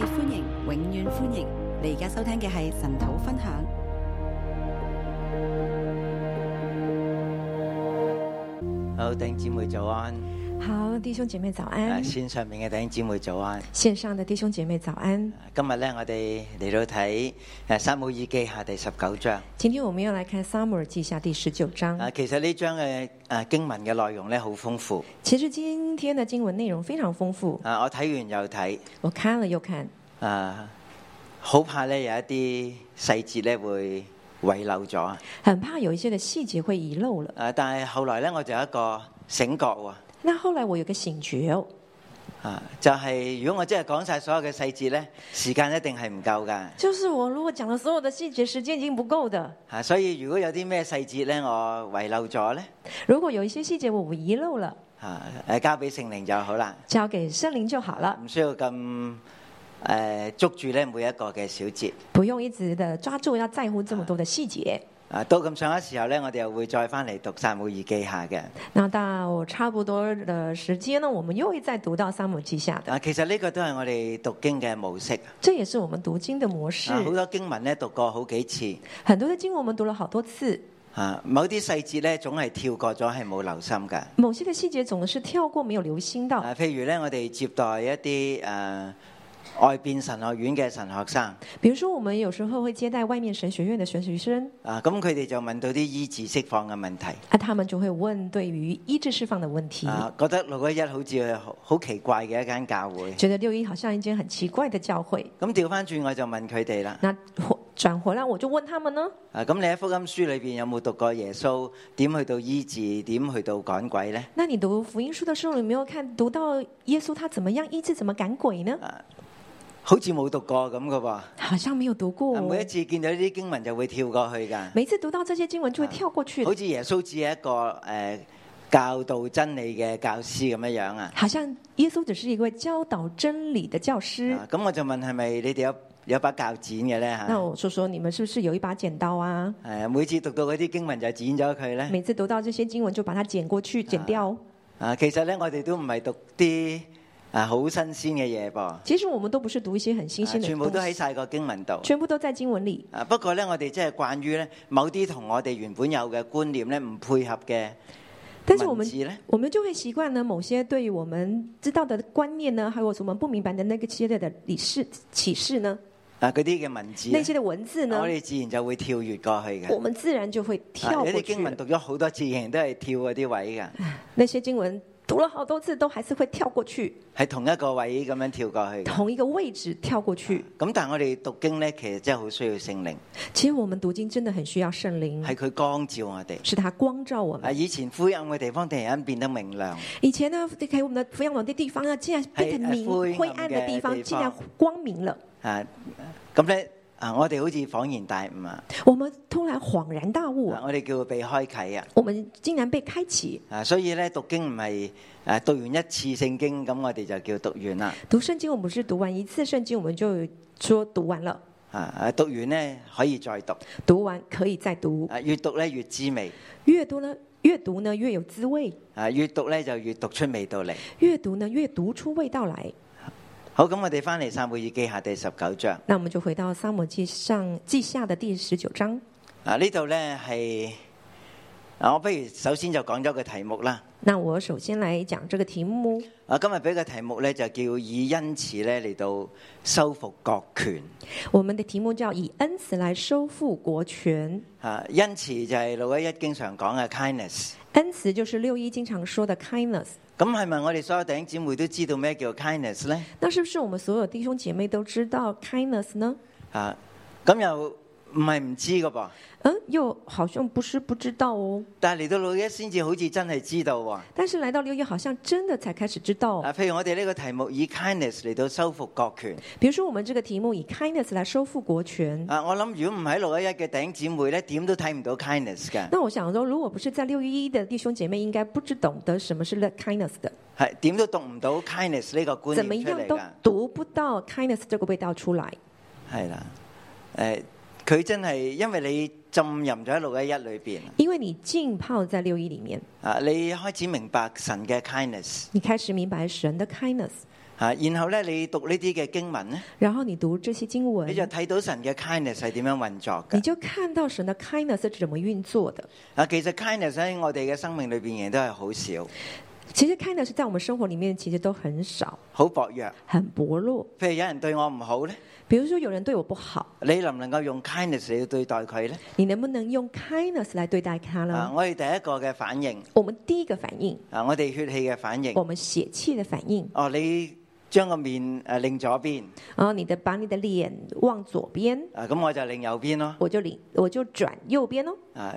歡迎，永遠歡迎！你而家收聽嘅係神土分享。好，丁姊妹早安。好，弟兄姐妹早安。線上面嘅弟兄姊妹早安。線上的弟兄姐妹早安。今日咧，我哋嚟到睇《誒撒母耳記下》第十九章。今天我們要來看《撒母耳記下》第十九章。啊，其實呢章嘅誒經文嘅內容咧好豐富。其實今天嘅經文內容非常豐富。啊，我睇完又睇。我看了又看。啊，好怕咧有一啲細節咧會遺漏咗。很怕有一些嘅細節會遺漏了。誒，但係後來咧我就有一個醒覺喎。那後來我有個醒覺，啊，就係、是、如果我真係講晒所有嘅細節咧，時間一定係唔夠噶。就是我如果講咗所有嘅細節，時間已經不夠的。啊，所以如果有啲咩細節咧，我遺漏咗咧，如果有一些細節我遺漏了，啊，誒，交俾聖靈就好啦，交給聖靈就好了，唔、啊、需要咁誒、呃、捉住咧每一個嘅小節，不用一直的抓住，要在乎這麼多嘅細節。啊，到咁上嘅時候咧，我哋又會再翻嚟讀《撒母耳記》下嘅。那到差唔多嘅時間呢，我們又會再讀到《撒母耳記》下。啊，其實呢個都係我哋讀經嘅模式。這也是我們讀經的模式。啊，好多經文咧，讀過好幾次。很多的經文，我們讀了好多次。啊，某啲細節咧，總係跳過咗，係冇留心嘅。某些嘅細節總是跳過，沒有留心到。啊。啊，譬如咧，我哋接待一啲誒。外邊神學院嘅神學生，比如說我們有時候會接待外面神學院的選修生，啊，咁佢哋就問到啲醫治釋放嘅問題，啊，他們就會問對於醫治釋放嘅問題，啊，覺得六一好似好奇怪嘅一間教會，覺得六一好像一間很奇怪嘅教會，咁調翻轉我就問佢哋啦，那、啊、轉回來我就問他們呢，啊，咁你喺福音書裏邊有冇讀過耶穌點去到醫治，點去到趕鬼呢？那你讀福音書的時候，你有沒有看讀到耶穌他怎麼樣醫治，怎麼趕鬼呢？好似冇讀過咁嘅噃，好像沒有讀過。每一次見到呢啲經文就會跳過去噶。每次讀到這些經文就會跳過去。好似耶穌只係一個誒、呃、教導真理嘅教師咁樣樣啊？好像耶穌只是一位教導真理嘅教師。咁我就問係咪你哋有有把鉸剪嘅咧吓？那我說說你們是不是有一把剪刀啊？係啊，每次讀到嗰啲經文就剪咗佢咧。每次讀到這些經文就把它剪過去剪掉。啊，其實咧我哋都唔係讀啲。啊，好新鮮嘅嘢噃！其實我們都不是讀一些很新鮮嘅嘢，全部都喺晒個經文度，全部都在經文裏。啊，不過咧，我哋即係慣於咧，某啲同我哋原本有嘅觀念咧唔配合嘅文字呢，但是我哋，我們就會習慣呢某些對於我們知道的觀念呢，還有什麼不明白的？那個系列的理事、啟示呢？啊，嗰啲嘅文字，那些的文字呢？我哋自然就會跳越過去嘅，我們自然就會跳越過去。你、啊啊、經文讀咗好多次，都係跳嗰啲位嘅。那些經文。讀了好多次都還是會跳過去，係同一個位咁樣跳過去，同一個位置跳過去。咁、啊、但係我哋讀經咧，其實真係好需要聖靈。其實我們讀經真的很需要聖靈，係佢光照我哋，是他光照我們。啊，以前灰暗嘅地方突然間變得明亮。以前呢啲喺我們的灰暗嘅地方呢，竟然變成明灰暗嘅地方，竟然光明了。啊，咁咧。啊！我哋好似恍然大悟啊！我們突然恍然大悟。我哋叫被開啟啊！我們竟然被開啟，啊。啊！所以咧讀經唔係誒讀完一次聖經，咁我哋就叫讀完啦。讀聖經，我們是讀完一次聖經，我們就說讀完了。啊啊！讀完呢，可以再讀，讀完可以再讀。啊！越讀咧越滋味，啊、越讀咧越讀呢越有滋味。啊！越讀咧就越讀出味道嚟，越、啊、讀呢越讀出味道來。好，咁我哋翻嚟《撒母耳記下》第十九章。那我們就回到《撒母記上》《記下》的第十九章。啊，這裏呢度咧係。啊，我不如首先就講咗個題目啦。那我首先來講這個題目。啊，今日俾個題目咧就叫以恩慈咧嚟到收復國權。我們的題目叫以恩慈來收復國權。啊，恩慈就係六一一經常講嘅 kindness。恩慈就是六一經常說的 kindness。咁係咪我哋所有弟兄姐妹都知道咩叫 kindness 咧？那是不是我們所有弟兄姐妹都知道 kindness 呢？啊，咁、嗯、又。嗯嗯唔係唔知㗎噃，嗯，又好像不是不知道哦。但係嚟到六一先至好似真係知道喎、哦。但是嚟到六一，好像真的才開始知道。啊，譬如我哋呢個題目以 kindness 嚟到收復國權。比如說，我們這個題目以 kindness 嚟收復國權。我國權啊，我諗如果唔喺六一一嘅頂姊妹咧，點都睇唔到 kindness 㗎。那我想說，如果不是在六一一的弟兄姐妹，應該不知懂得什麼是 the kindness 的。係，點都讀唔到 kindness 呢個觀念。怎麼樣都讀不到 kindness 這個味道出來。係啦，誒、哎。佢真係，因為你浸淫咗喺六一一裏邊，因為你浸泡在六一裏面啊，你開始明白神嘅 kindness，你開始明白神的 kindness 啊，然後咧你讀呢啲嘅經文咧，然後你讀這些經文，你就睇到神嘅 kindness 係點樣運作嘅，你就看到神的 kindness 係怎，kind 怎麼運作的啊。其實 kindness 喺我哋嘅生命裏邊，亦都係好少。其實 kindness 在我們生活裏面其實都很少，好薄弱，很薄弱。譬如有人對我唔好咧，比如說有人對我不好，你能唔能夠用 kindness 嚟對待佢咧？你能不能用 kindness 嚟對待他咧、啊？我哋第一個嘅反應、啊，我們第一個反應，啊，我哋血氣嘅反應，我們血氣嘅反應。哦、啊，你將個面誒擰左邊，哦，你的把你的臉往左邊，啊，咁我就擰右邊咯，我就擰，我就轉右邊咯，啊，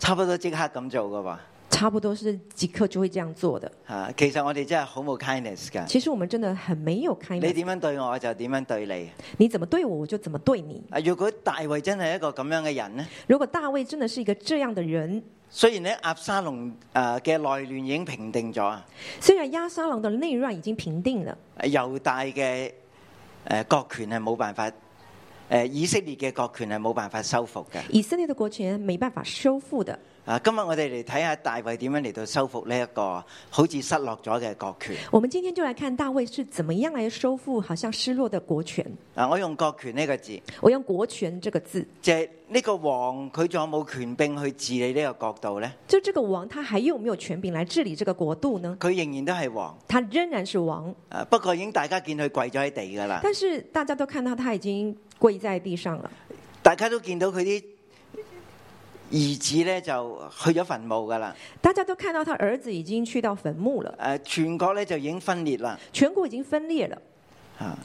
差不多即刻咁做噶吧。差不多是即刻就會這樣做的。啊，其實我哋真係好冇 kindness 噶。其實我們真的很沒有 kindness。你點樣對我，我就點樣對你。你怎麼對我，我就怎麼對你。如果大衛真係一個咁樣嘅人呢？如果大衛真的是一個這樣嘅人。雖然呢亞沙龍誒嘅內亂已經平定咗啊。雖然亞沙龍嘅內亂已經平定了。猶大嘅誒國權係冇辦法，誒以色列嘅國權係冇辦法修復嘅。以色列的國權沒辦法修復的。啊，今日我哋嚟睇下大衛點樣嚟到收復呢一個好似失落咗嘅國權。我們今天就來看大衛是怎麼樣來收復好像失落的國權。啊，我用國權呢個字，我用國權這個字，即係呢個王，佢仲有冇權柄去治理呢個國度咧？就這個王，他還有沒有權柄來治理這個國度呢？佢仍然都係王，他仍然是王。啊，不過已經大家見佢跪咗喺地噶啦。但是大家都看到他已經跪在地上了。大家都見到佢啲。兒子咧就去咗墳墓㗎喇，大家都看到他兒子已經去到墳墓了。誒，全國咧就已經分裂啦，全國已經分裂了。嚇、啊，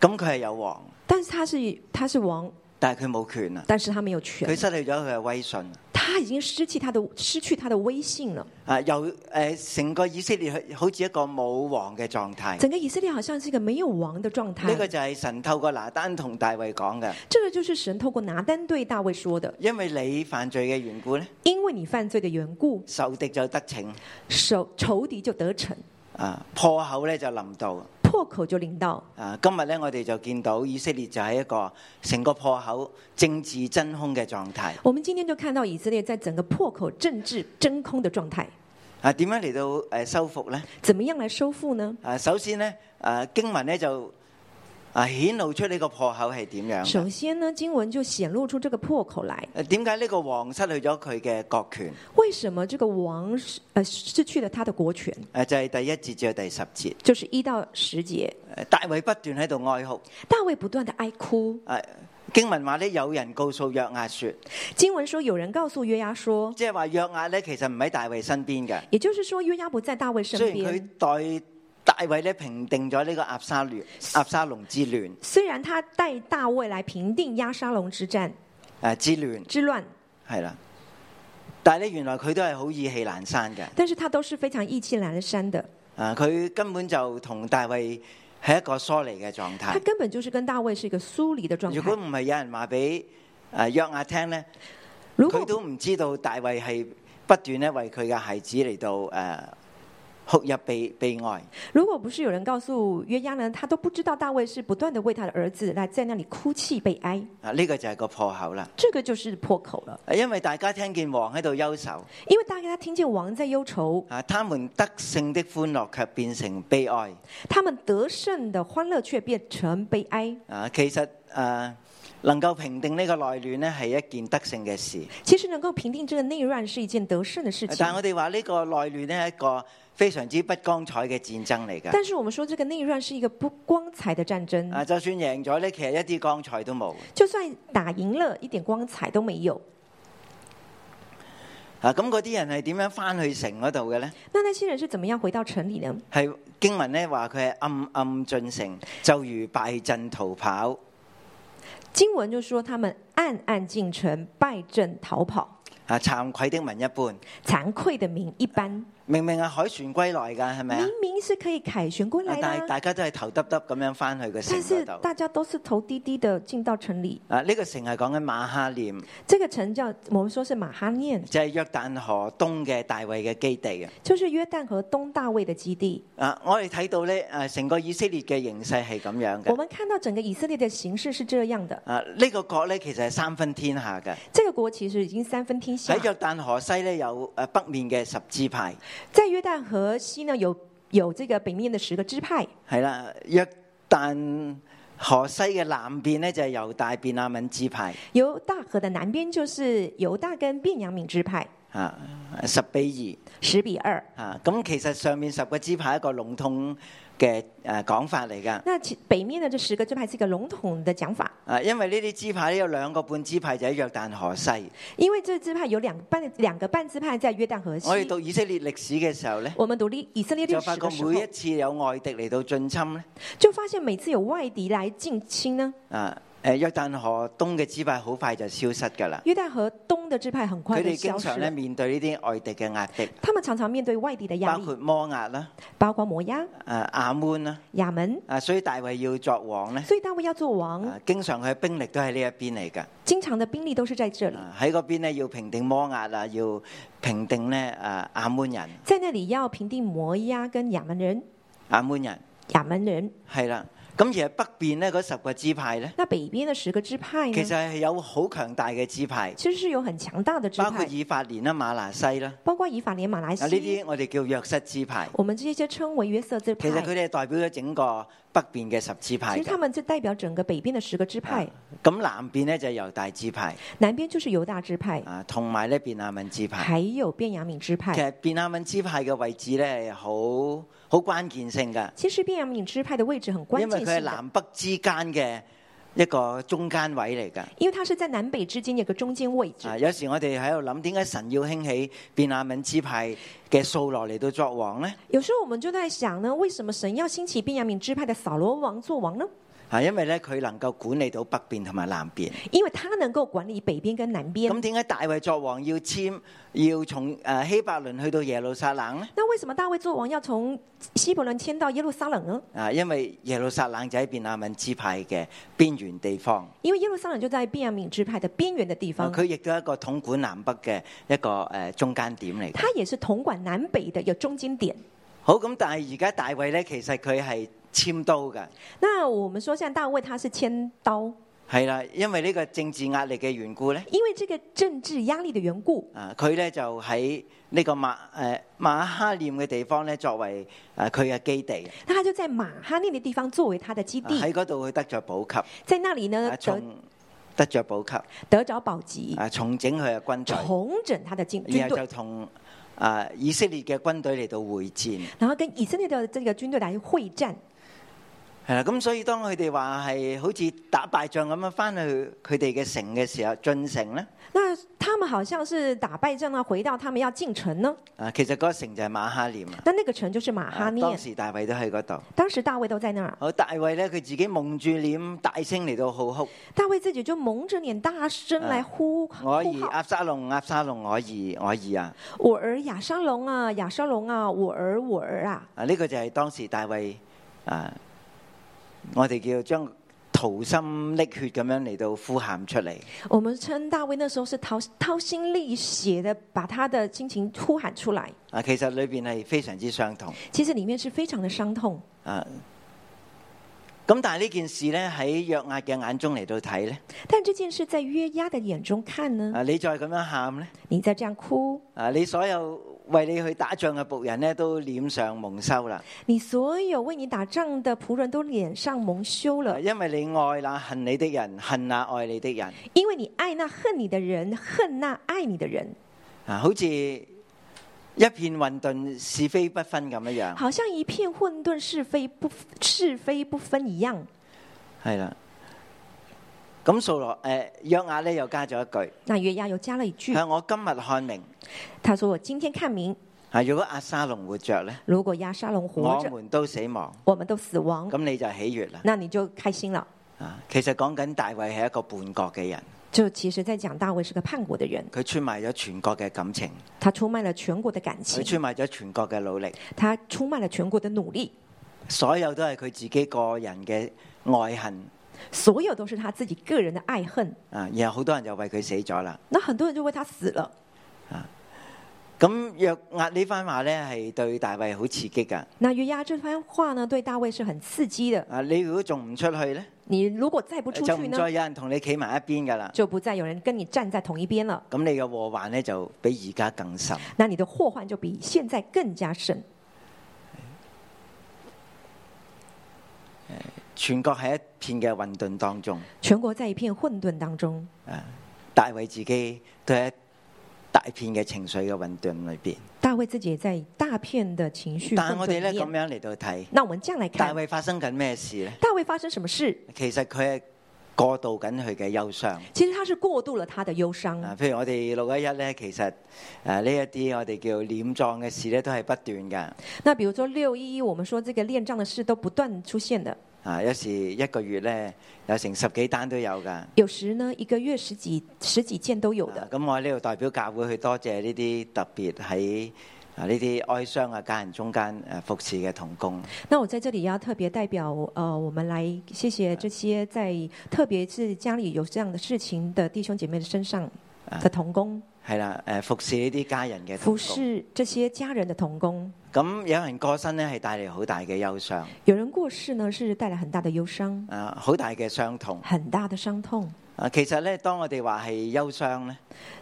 咁佢係有王，但係他是他是王，但係佢冇權啦，但是他沒有權，佢失去咗佢嘅威信，他已經失去他的失去他的威信了。啊，由誒成個以色列好似一個冇王嘅狀態，整個以色列好像是一個沒有王的狀態。呢個就係神透過拿單同大衛講嘅，這個就是神透過拿單對大衛說的。因為你犯罪嘅緣故咧，因為你犯罪的緣故，仇敵就得逞，仇仇敵就得逞，啊，破口咧就臨到。破口就領到啊！今日咧，我哋就見到以色列就係一個成個破口政治真空嘅狀態。我們今天就看到以色列在整個破口政治真空的狀態。啊，點樣嚟到誒修復呢？怎麼樣嚟修復呢？啊，首先咧，誒經文咧就。啊！顯露出呢個破口係點樣？首先呢，經文就顯露出這個破口來。點解呢個王失去咗佢嘅國權？為什麼這個王失誒失去了他的國權？誒，就係第一節至第十節，就是一到十節。大衛不斷喺度哀哭。大衛不斷的哀哭。誒，經文話呢，有人告訴約押說，經文說有人告訴約押說，即係話約押呢其實唔喺大衛身邊嘅。也就是說，約押不在大衛身邊。佢大衛咧平定咗呢個阿沙亂、阿沙龍之亂。雖然他帶大衛來平定阿沙龍之戰，誒、啊、之亂之亂係啦，但係咧原來佢都係好意氣闌珊嘅。但是他都是非常意氣闌珊的。啊，佢根本就同大衛係一個疏離嘅狀態。他根本就是跟大衛是一個疏離的狀態。如果唔係有人話俾誒約亞、啊、聽咧，佢果都唔知道大衛係不斷咧為佢嘅孩子嚟到誒。啊哭泣悲悲哀。如果不是有人告訴約押呢，他都不知道大衛是不斷的為他的兒子來在那裡哭泣悲哀。啊，呢個就係個破口啦。這個就是個破口了。因為大家聽見王喺度憂愁，因為大家聽見王在憂愁。啊，他們得勝的歡樂卻變成悲哀。他們得勝的歡樂卻變成悲哀。啊，其實、啊、能夠平定呢個內亂呢，係一件得勝嘅事。其實能夠平定這個內亂是一件得勝嘅事情，啊。但係我哋話呢個內亂呢係一個。非常之不光彩嘅戰爭嚟㗎。但是我們說，這個內亂是一個不光彩的戰爭來的。啊，就算贏咗呢，其實一啲光彩都冇。就算打贏了一點光彩都沒有。啊，咁嗰啲人係點樣翻去城嗰度嘅呢？那那些人是怎麼樣回到城裏呢？係經文呢話佢係暗暗進城，就如敗陣逃跑。經文就說，他們暗暗進城，敗陣逃跑。啊，慚愧的民一般。慚愧的民一般。啊明明係、啊、凱旋歸來噶，係咪？明明是可以凱旋歸來，但係大家都係頭耷耷咁樣翻去嘅時候。但是大家都是頭低低的嘣嘣進到城裏。啊，呢個城係講緊馬哈念。這個城，這個城叫我們說是馬哈念，就係約旦河東嘅大衛嘅基地啊。就是約旦河東大衛的基地。啊，我哋睇到咧，誒，成個以色列嘅形勢係咁樣嘅。我們看到整個以色列的形勢是這樣的。啊，呢、這個國咧其實係三分天下嘅。這個國其實已經三分天下。喺約旦河西咧有誒北面嘅十支派。在約旦河西呢有有這個北面的十個支派。係啦，約旦河西嘅南邊呢就係、是、猶大便雅憫支派。猶大河的南邊就是猶大跟便雅憫支派。啊，十比二。十比二。啊，咁、嗯、其實上面十個支派一個籠統嘅誒講法嚟㗎，那北面嘅這十個支派是一個籠統的講法。誒、啊，因為呢啲支派有兩個半支派就喺約旦河西，因為這支派有兩半兩個半支派在約旦河西。我哋讀以色列歷史嘅時候呢，我們讀呢以色列歷史就發覺每一次有外敵嚟到進侵呢，就發現每次有外敵來進侵呢。啊！誒約旦河東嘅支派好快就消失噶啦。約旦河東嘅支派很快，佢哋經常咧面對呢啲外地嘅壓迫。他們常常面對外地的壓迫。包括摩押啦，包括摩押。誒亞、啊、門啦，亞門。啊，所以大衛要作王咧。所以大衛要作王。經常佢嘅兵力都喺呢一邊嚟噶。經常嘅兵力都是在這裡。喺嗰邊要平定摩押啦，要平定咧誒亞門人。在那裏要平定摩押跟亞門人。亞門人。亞門人。係啦。咁而係北邊咧嗰十個支派咧？那北邊嘅十個支派呢？其實係有好強大嘅支派。其實是有很強大嘅支派。包括以法蓮啦、馬拿西啦。包括以法蓮、馬拿西。呢啲我哋叫約瑟支派。我們這些稱為約瑟支派。其實佢哋代表咗整個北邊嘅十支派。其實佢哋就代表整個北邊嘅十個支派。咁、啊、南邊咧就猶大支派。南邊就是猶大支派。啊，同埋咧便雅憫支派。還有便雅憫支派。其實便雅憫支派嘅位置咧，好。好關鍵性噶，其實便雅明支派的位置很關鍵性的，因為佢係南北之間嘅一個中間位嚟嘅。因為佢是在南北之間一個中間位置。啊，有時我哋喺度諗，點解神要興起便雅明支派嘅掃羅嚟到作王呢？有時候我們就在想呢，為什麼神要興起便雅明支派的掃羅王作王呢？啊，因為咧佢能夠管理到北邊同埋南邊，因為它能夠管理北邊跟南邊。咁點解大衛作王要遷要從誒希、呃、伯倫去到耶路撒冷呢？那為什麼大衛作王要從希伯倫遷到耶路撒冷呢？啊，因為耶路撒冷就喺便雅明支派嘅邊緣地方。因為耶路撒冷就在便雅明支派的邊緣的地方，佢亦都係一個統管南北嘅一個誒、呃、中間點嚟。它也是統管南北嘅一個中間點。好，咁但係而家大衛咧，其實佢係。遷都嘅，那我們說，現在大衛，他是遷都，係啦，因為呢個政治壓力嘅緣故咧，因為這個政治壓力的緣故，啊，佢咧就喺呢個馬、誒、馬哈念嘅地方咧，作為、誒、佢嘅基地。他就在馬，呃，馬哈念嘅地方作為他的基地，喺嗰度佢得咗補給，在那裏呢得得咗補給，得咗補給，啊，重整佢嘅軍隊，重整他的軍、隊他的軍隊然後就同啊以色列嘅軍隊嚟到會戰，然後跟以色列嘅這個軍隊嚟到會戰。係啦，咁所以當佢哋話係好似打敗仗咁樣翻去佢哋嘅城嘅時候，進城咧？那他們好像是打敗仗，到回到他們要進城呢？啊，其實嗰城就係馬哈念啊。那那個城就是馬哈念，啊，當時大衛都喺嗰度。當時大衛都在那兒。好，大衛咧，佢自己蒙住臉，大聲嚟到好哭。大衛自己就蒙住臉，大聲嚟呼。我兒亞沙龍，亞沙龍，我兒，我兒啊！我兒亞沙龍啊，亞沙龍啊，啊，我兒，我兒啊！啊，呢、這個就係當時大衛啊。我哋叫將掏心瀝血咁樣嚟到呼喊出嚟。我們稱大衛那時候是掏掏心瀝血的，把他的心情呼喊出來。啊，其實裏邊係非常之傷痛。其實裏面是非常的傷痛。啊。咁但係呢件事咧，喺約押嘅眼中嚟到睇咧？但係呢件事在約押嘅眼中看呢？啊！你再咁樣喊咧？你再這樣哭？樣哭啊！你所有為你去打仗嘅僕人咧，都臉上蒙羞啦！你所有為你打仗嘅僕人都臉上蒙羞了。因為你愛那恨你的人，恨那愛你的人。因為你愛那恨你的人，恨那愛你的人。啊，好似。一片混沌，是非不分咁樣樣，好像一片混沌是非不是非不分一樣。係啦，咁數落，誒，約押咧又加咗一句，那約押又加了一句，係我今日看明，他說我今天看明，如果阿沙龍活着咧，如果亞沙龍活着，活着我們都死亡，我們都死亡，咁你就喜悅啦，那你就開心啦。啊，其實講緊大衛係一個叛國嘅人。就其實，在講大衛是個叛國的人。佢出賣咗全國嘅感情。他出賣了全國的感情。佢出賣咗全國嘅努力。他出賣了全國的努力。所有都係佢自己個人嘅愛恨。所有都是他自己個人的愛恨。啊，然後好多人就為佢死咗啦。那很多人就為他死了。啊。咁約押呢番話咧，係對大衛好刺激噶。那約押這番話呢，對大衛是很刺激的。啊，你如果仲唔出去咧？你如果再不出去呢？再，去呢再有人同你企埋一邊噶啦。就不再有人跟你站在同一邊了。咁你嘅禍患咧，就比而家更深。那你的禍患就比現在更加深。全國喺一片嘅混沌當中。全國在一片混沌當中。啊，大衛自己對。大片嘅情緒嘅混亂裏邊，大衛自己在大片嘅情緒，但係我哋咧咁樣嚟到睇，那我們這樣來看，大衛發生緊咩事咧？大衛發生什麼事？其實佢係過渡緊佢嘅憂傷。其實他是過渡了他的憂傷、啊。啊，譬如我哋六一一咧，其實誒呢一啲我哋叫殮葬嘅事咧，都係不斷㗎。那，比如說六一一，我們說這個殮葬嘅事都不斷出現的。啊！有時一個月咧，有成十幾單都有㗎。有時呢一個月十幾十幾件都有的。咁、啊嗯、我喺呢度代表教會去多謝呢啲特別喺啊呢啲哀傷啊家人中間誒、啊、服侍嘅同工。那我在這裏要特別代表誒、呃、我們來謝謝這些在特別是家裏有這樣的事情的弟兄姐妹的身上的同工。啊係啦，誒服侍呢啲家人嘅同工，服侍這些家人的同工。咁有人過身咧係帶嚟好大嘅憂傷，有人過世呢，是帶嚟很大的憂傷，憂傷啊，好大嘅傷痛，很大的傷痛。啊，其實咧，當我哋話係憂傷咧，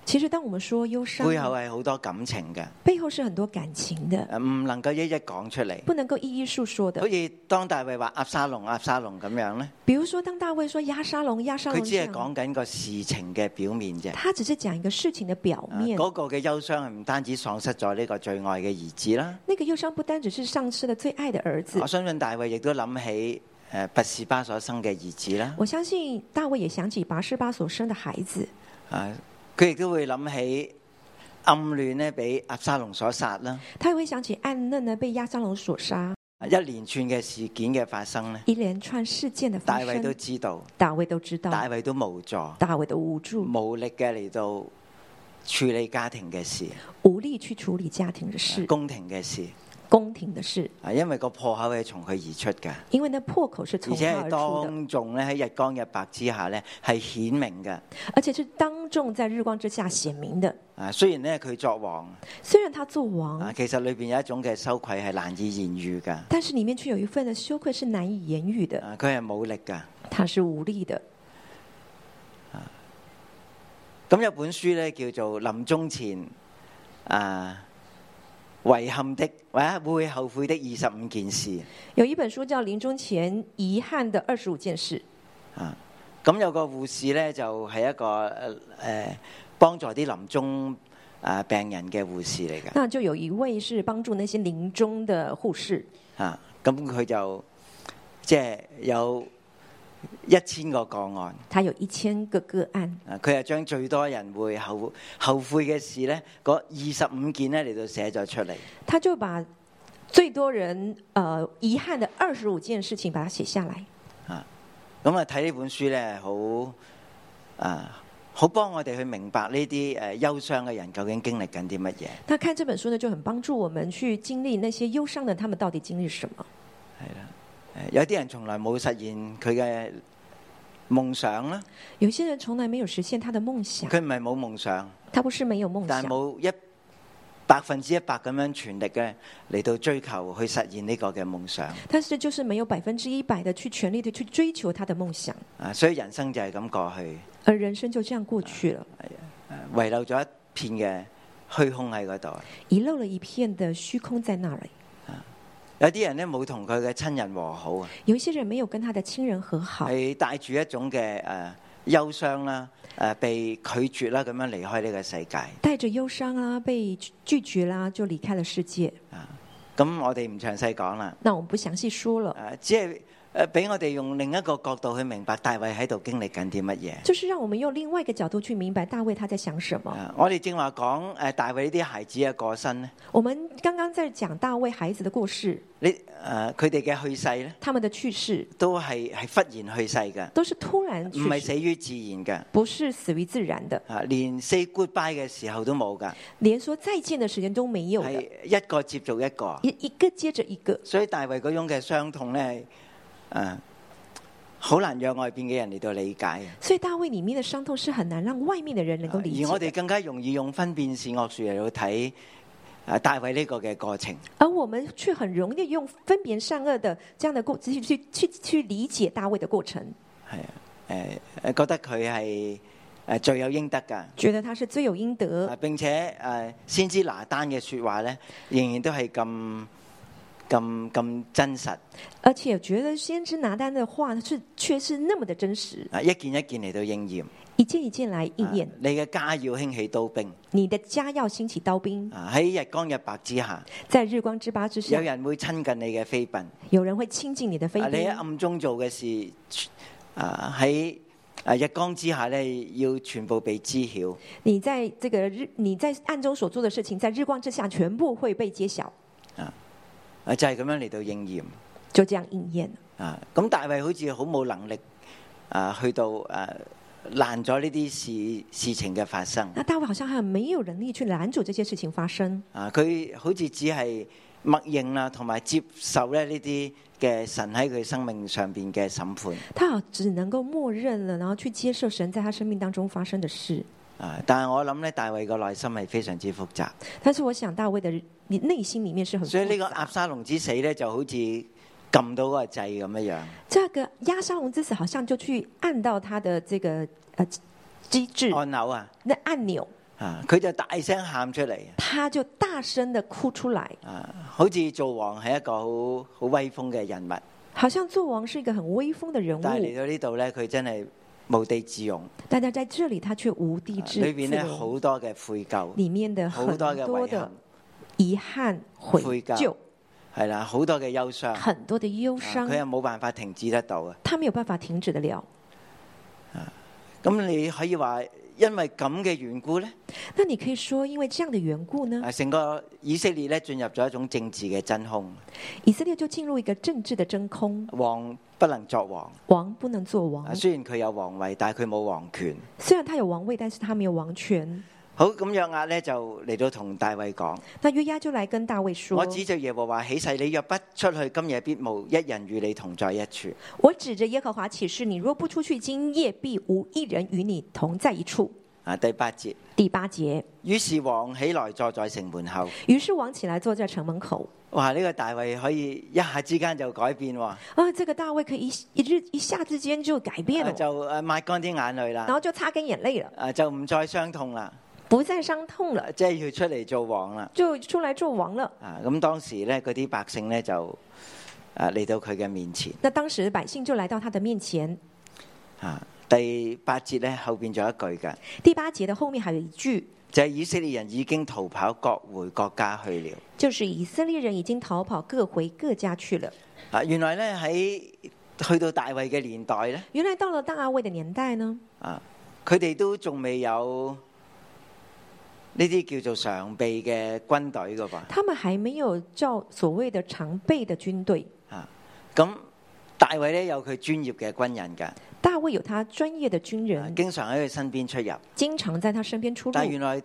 其實當我們說憂傷，背後係好多感情嘅，背後是很多感情嘅，唔能夠一一講出嚟，不能夠一一訴說的。好似當大衛話押沙龍、押沙龍咁樣咧，比如說當大衛說押沙龍、押沙龍，佢只係講緊個事情嘅表面啫，他只是講一個事情的表面。嗰個嘅憂傷係唔單止喪失咗呢個最愛嘅兒子啦，呢個憂傷不單只是喪失咗最愛嘅兒子。我相信大衛亦都諗起。誒、啊，拔示巴所生嘅兒子啦，我相信大衛也想起拔示巴所生嘅孩子。啊，佢亦都會諗起暗嫩呢俾押沙龍所殺啦。他會想起暗嫩呢，被押沙龍所殺、啊。一連串嘅事件嘅發生咧，一連串事件嘅發生，大衛都知道，大衛都知道，大衛都無助，大衛都無助，無力嘅嚟到處理家庭嘅事，無力去處理家庭嘅事，啊、宮廷嘅事。宮廷的事啊，因為個破口係從佢而出嘅，因為那破口是從他而出的，而且係當眾咧，喺日光日白之下咧係顯明嘅，而且是當眾在日光之下顯明的。啊，雖然呢，佢作王，雖然他作王啊，其實裏邊有一種嘅羞愧係難以言喻嘅，但是裏面卻有一份嘅羞愧是難以言喻的。佢係冇力嘅，他是無力的。啊，咁有本書咧叫做《臨終前》啊。遺憾的，或者會後悔的二十五件事。有一本書叫《臨終前遺憾的二十五件事》。啊，咁、嗯、有個護士咧，就係、是、一個誒，幫、呃、助啲臨終啊病人嘅護士嚟嘅。那就有一位是幫助那些臨終的護士。啊，咁、嗯、佢就即係有。一千個個案，他有一千個個案。啊，佢係將最多人會後後悔嘅事呢，嗰二十五件呢，嚟到寫咗出嚟。他就把最多人誒遺憾的二十五件事情，把它寫下來。啊，咁啊睇呢本書呢，好啊，好幫我哋去明白呢啲誒憂傷嘅人究竟經歷緊啲乜嘢。佢看這本書呢，就很幫助我們去經歷那些憂傷嘅，他們到底經歷什麼。係啦。有啲人從來冇實現佢嘅夢想啦。有些人從來沒有實現他的夢想。佢唔係冇夢想，他不是沒有夢想，他有夢想，但係冇一百分之一百咁樣全力嘅嚟到，追求去實現呢個嘅夢想。但是就是沒有百分之一百的去全力的去追求他的夢想。啊，所以人生就係咁過去。而人生就這樣過去了，遺漏咗一片嘅虛空喺嗰度。遺漏了一片的虛空在那裏。有啲人咧冇同佢嘅親人和好啊！有一些人沒有跟他的親人和好。係帶住一種嘅誒憂傷啦，誒被拒絕啦，咁樣離開呢個世界。帶着憂傷啦，被拒絕啦，就離開了世界。啊，咁我哋唔詳細講啦。那我們不詳細說了。啊、嗯，即、嗯、係。誒，俾我哋用另一個角度去明白大衛喺度經歷緊啲乜嘢？就是讓我們用另外一個角度去明白大衛他在想什麼。我哋正話講誒，大衛呢啲孩子嘅過身呢。我們剛剛在講大衛孩子的故事。你誒，佢哋嘅去世咧？他們的去世都係係忽然去世嘅，都是突然，唔係死於自然嘅，不是死於自然的。啊，連 say goodbye 嘅時候都冇嘅，連說再見嘅時間都沒有嘅，一個接住一個，一一個接着一個。一個一個，所以大衛嗰種嘅傷痛咧。嗯，好、uh, 難讓外邊嘅人嚟到理解。所以大衛裡面的傷痛是很難讓外面的人能夠理解。而我哋更加容易用分辨善惡樹嚟到睇大衛呢個嘅過程。而我們卻很容易用分辨善惡的這樣的過，去去去理解大衛嘅過程。係啊，誒誒，覺得佢係誒罪有應得噶，覺得他是罪有，有應得，啊、並且誒、呃、先知拿單嘅說話咧，仍然都係咁。咁咁真實，而且覺得先知拿單的話，是卻是那麼的真實。啊，一件一件嚟到應驗，一件一件來應驗。你嘅家要興起刀兵，你的家要興起刀兵。啊，喺日光日白之下，在日光之八之下，有人會親近你嘅妃嬪，有人會親近你的妃嬪。你喺暗中做嘅事，啊喺啊日光之下咧，要全部被知曉。你在這個日，你在暗中所做的事情，在日光之下全部會被揭曉。啊，就係、是、咁樣嚟到應驗，就這樣應驗啦。啊，咁大衛好似好冇能力啊，去到誒攔咗呢啲事事情嘅發生。那大衛好像係沒、啊啊、沒有能力去攔阻這些事情發生。啊，佢好似只係默認啦，啊，同埋接受咧呢啲嘅神喺佢生命上邊嘅審判。他只能夠默認了，然後去接受神在他生命當中發生的事。啊！但係我諗咧，大衛個內心係非常之複雜。但是我想大衛的，你內心裏面是很，所以呢個押沙龍之死咧，就好似撳到個掣咁樣樣。這個押沙龍之死，好像就去按到他的這個機制按鈕啊。那按鈕啊，佢就大聲喊出嚟，他就大聲的哭出來啊！他就來好似做王係一個好好威風嘅人物，好像做王是一個很威風的人物。但係嚟到呢度咧，佢真係。無地自容，但係在這裏，他卻無地自容。裏邊咧好多嘅悔疚，裏面的很多嘅遺憾、悔疚，係啦，好多嘅憂傷，很多的憂傷，佢究又冇辦法停止得到嘅，他沒有辦法停止得了。咁你可以話。因為咁嘅緣故呢，那你可以說因為這樣的緣故呢？成個以色列咧進入咗一種政治嘅真空，以色列就進入一個政治嘅真空。王不能作王，王不能作王。雖然佢有王位，但係佢冇王權。雖然他有王位，但是他沒有王權。好，咁約押咧就嚟到同大衛講，那約押就嚟跟大衛說，我指着耶和華起誓，你若不出去，今夜必無一人與你同在一處。我指着耶和華起誓，你若不出去，今夜必無一人與你同在一處。啊，第八節，第八節。於是王起來坐在城門口。於是王起來坐在城門口。哇，呢、這個大衛可以一下之間就改變喎、哦。啊，這個大衛可以一一日一下之間就改變、哦啊、就誒、啊、抹乾啲眼淚啦，然後就擦乾眼淚啦，啊就唔再傷痛啦。不再傷痛了，即係要出嚟做王啦，就出來做王啦。啊，咁當時咧，嗰啲百姓咧就啊嚟到佢嘅面前。那當時那百姓就、啊、來到他的面前。啊，第八節咧後邊仲有一句噶。第八節的後面還有一句，就係以色列人已經逃跑各回各家去了。就是以色列人已經逃跑各回各家去了。啊，原來咧喺去到大衛嘅年代咧，原來到了大衛嘅年代呢。啊，佢哋都仲未有。呢啲叫做常備嘅軍隊嘅吧？他們還沒有叫所謂的常備的軍隊。啊，咁大衛咧有佢專業嘅軍人噶。大衛有他專業的軍人的，經常喺佢身邊出入。經常在他身邊出入。出入，但原來。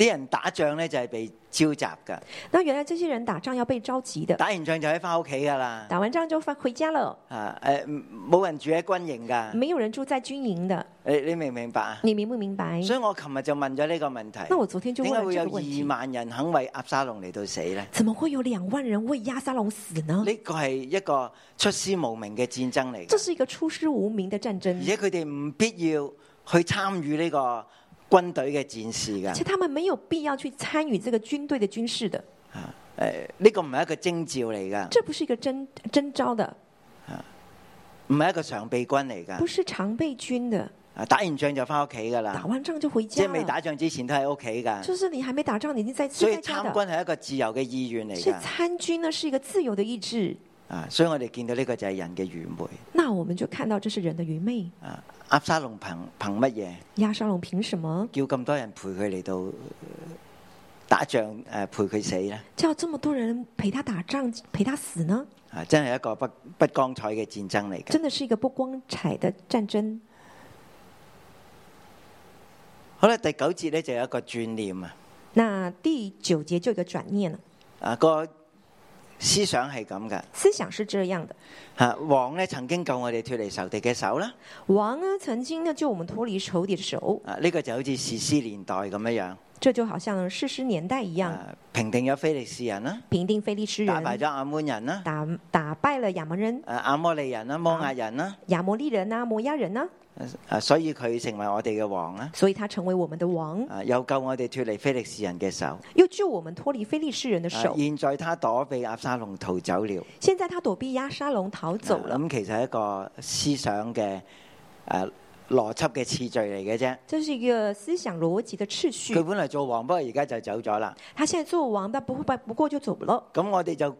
啲人打仗咧就係被召集噶那原來這些人打仗要被召集的。打完仗就可以翻屋企噶啦。打完仗就翻回家了。啊，誒、呃，冇人住喺軍營噶沒有人住在軍營的。誒、哎，你明唔明白啊？你明唔明白？所以我琴日就問咗呢個問題。那我昨天就問咗呢個問題。點解會有二萬人肯為押沙龍嚟到死咧？怎麼會有兩萬人為押沙龍死呢？呢個係一個出師無名嘅戰爭嚟。這是一個出師無名嘅戰、戰爭。而且佢哋唔必要去參與呢、這個。軍隊嘅戰士噶，其實他們沒有必要去參與這個軍隊的軍事的。啊，誒、欸，呢、這個唔係一個徵召嚟噶，這不是一個徵徵召的，啊，唔係一個常備軍嚟噶，不是常備軍的。啊，打完仗就翻屋企噶啦，打完仗就回家了，即係未打仗之前都喺屋企噶。就是你還沒打仗，你已經在，在所以參軍係一個自由嘅意願嚟嘅，所以參軍呢是一個自由的意志。啊，所以我哋見到呢個就係人嘅愚昧，啊。那我們就看到這是人的愚昧。啊。押沙龍憑憑乜嘢？押沙龍憑什麼？叫咁多人陪佢嚟到打仗？誒，陪佢死咧？叫這麼多人陪他打仗，陪他死呢？啊，真係一個不不光彩嘅戰爭嚟嘅。真的是一個不光彩的戰爭。好啦，第九節呢，就有一個轉念啊。那第九節就有一個轉念啦。啊，個。思想係咁嘅，思想是這樣的。吓、啊，王咧曾經救我哋脫離仇敵嘅手啦，王啊曾經呢救我們脫離仇敵嘅手。啊，呢、這個就好似史詩年代咁樣樣。這就好像士師年代一樣，平定咗非利士人啦，平定非利士人，啊、人，打敗咗亞捫人啦、啊，打打敗了亞捫人，誒、啊，亞摩利人啦、啊，摩押人啦、啊，亞摩利人啦，摩押人啦，誒，所以佢成為我哋嘅王啦，所以他成為我們的王、啊，又救我哋脫離非利士人嘅手，又救我們脫離非利士人嘅手，人手、啊，現在他躲避押沙龍逃走了，現在他躲避押沙龍逃走了，咁、嗯、其實係一個思想嘅誒。啊邏輯嘅次序嚟嘅啫，這是一個思想邏輯嘅次序。佢本來做王，不過而家就走咗啦。他現在做王，但不過不過就走不咯。咁我哋就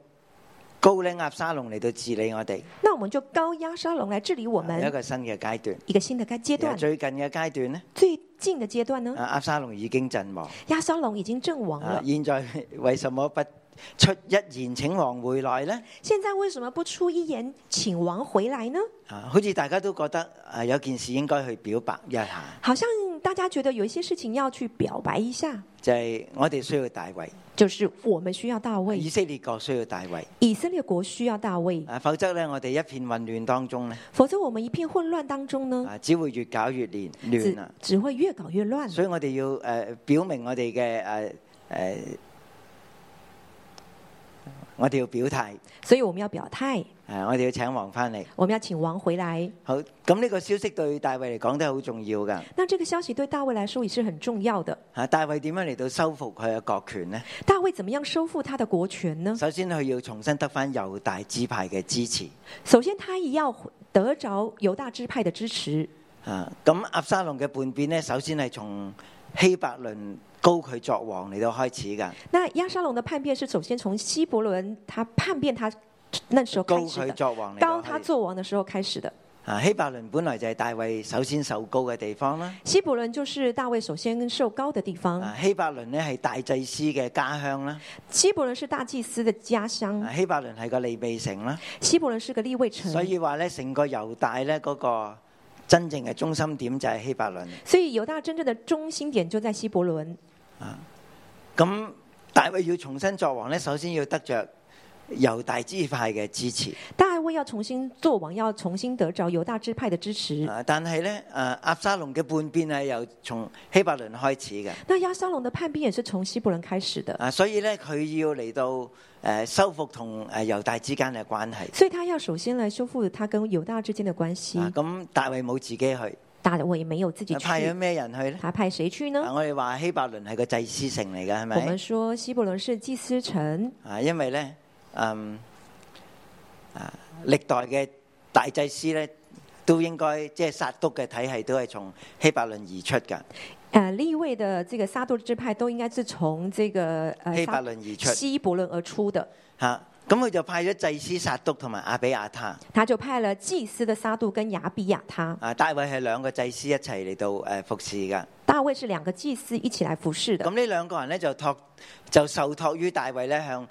高領押沙龍嚟到治理我哋。那我們就高壓沙龍嚟治理我們。一個新嘅階段，一個新嘅階段。最近嘅階段呢？最近嘅階段呢？押沙龍已經陣亡，押沙龍已經陣亡了。啊，現在為什麼不？出一言請王回來呢？現在為什麼不出一言請王回來呢？啊，好似大家都覺得啊，有件事應該去表白一下。好像大家覺得有一些事情要去表白一下。就係我哋需要大衛，就是我們需要大衛。大位以色列國需要大衛。以色列國需要大衛。啊，否則呢，我哋一片混亂當中呢，否則我們一片混亂當中呢？啊，只會越，越只會越搞越亂，亂啊！只會越搞越亂。所以我哋要誒、呃，表明我哋嘅誒誒。呃呃我哋要表態，所以我們要表態。係，我哋要請王翻嚟，我們要請王回來。回來好，咁呢個消息對大衛嚟講都係好重要噶。那這個消息對大衛來說也是很重要的。吓，大衛點樣嚟到收復佢嘅國權呢？大衛怎麼樣收復他的國權呢？首先佢要重新得翻猶大支派嘅支持。首先，他要得着猶大支派嘅支持。啊，咁押沙龍嘅叛變呢？首先係從希伯崙。高佢作王嚟到開始嘅，那亞沙龍的叛變是首先從希伯倫他叛變，他那時候高佢作王到，高他作王的時候開始的。啊，希伯倫本來就係大衛首先受膏嘅地方啦。希伯倫就是大衛首先受膏的地方。希伯倫呢係大祭司嘅家鄉啦。希伯倫是大祭司的家鄉。希伯倫係個利未城啦。希伯倫是個利未城，位城所以話呢，成個猶大呢嗰個真正嘅中心點就係希伯倫。所以猶大真正的中心點就在希伯倫。啊！咁大衛要重新作王咧，首先要得着猶大支派嘅支持。大衛要重新做王，要重新得着猶大支派嘅支持。但係咧，誒，亞沙龍嘅叛變啊，由、啊、從希伯倫開始嘅。但亞沙龍嘅叛變也是從希伯倫開始嘅。啊，所以咧，佢要嚟到誒、呃，修復同誒猶大之間嘅關係。所以，他要首先嚟修復他跟猶大之間嘅關係。咁、啊、大衛冇自己去。但我也沒有自己派咗咩人去咧？他、啊、派誰去呢？啊、我哋話希伯倫係個祭司城嚟嘅，係咪？我們說希伯倫是祭司城啊，因為咧，嗯，啊，歷代嘅大祭司咧都應該即係撒督嘅體系都係從希伯倫而出嘅。呢歷代的這個撒督支派都應該是從這個呃希、啊、伯倫而出，希伯倫而出的。哈。咁佢就派咗祭司撒督同埋亞比亞他，他就派了祭司的撒督跟亞比亞他。啊，大衛係兩個祭司一齊嚟到誒服侍噶。大衛是兩個祭司一起來服侍的。咁呢兩個人咧，就託就受託於大衛咧向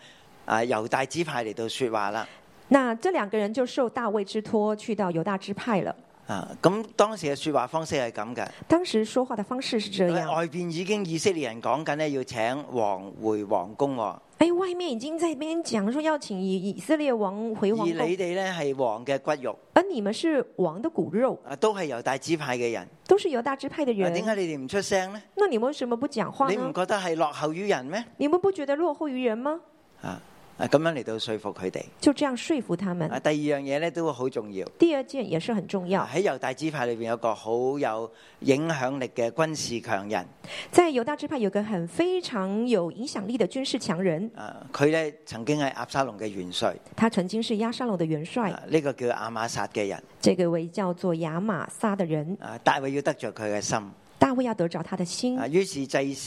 啊猶大支派嚟到說話啦。嗱，這兩個人就受大衛之託去到猶大支派了。啊，咁當時嘅說話方式係咁嘅。當時說話嘅方式是這樣。外邊已經以色列人講緊呢，要請王回王宮。誒、哎，外面已經在邊講，說要請以以色列王回王宮，而你哋呢係王嘅骨肉，而你們是王的骨肉，啊，都係有大支派嘅人，都是由大支派嘅人，點解、啊、你哋唔出聲呢？那你們為什麼不講話？你唔覺得係落後於人咩？你們不覺得落後於人嗎？啊！咁樣嚟到說服佢哋，就這樣說服他們。第二樣嘢咧都會好重要。第二件也是很重要。喺猶大支派裏邊有個好有影響力嘅軍事強人，在猶大支派有個很非常有影響力嘅軍事強人。啊，佢咧曾經係押沙龍嘅元帥，他曾經是押沙龍嘅元帥。呢個叫亞瑪撒嘅人，這個位叫做亞瑪撒嘅人。啊，大衛要得着佢嘅心，大衛要得着他的心。啊，於是就誒。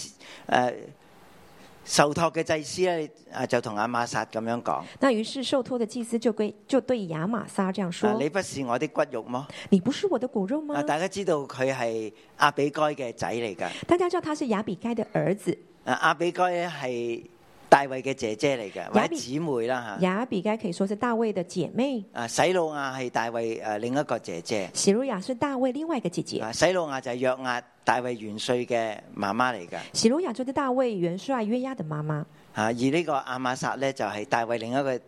受託嘅祭司咧，就同阿瑪撒咁樣講。那於是受託嘅祭司就歸就對亞瑪撒這樣說，啊，你不是我的骨肉嗎？你不是我的骨肉嗎？大家知道佢係阿比該嘅仔嚟噶。大家知道他是亞比該嘅兒子。啊，亞比該咧係大衛嘅姐姐嚟嘅，或者姊妹啦吓。亞比該可以說是大衛嘅姐妹。啊，洗魯亞係大衛誒另一個姐姐。洗魯亞是大衛另外一個姐姐。啊、洗魯亞就係約押。大衛元帥嘅媽媽嚟噶，洗魯雅就係大衛元帥約押的媽媽。吓、啊，而呢個亞瑪撒咧就係、是、大衛另一個誒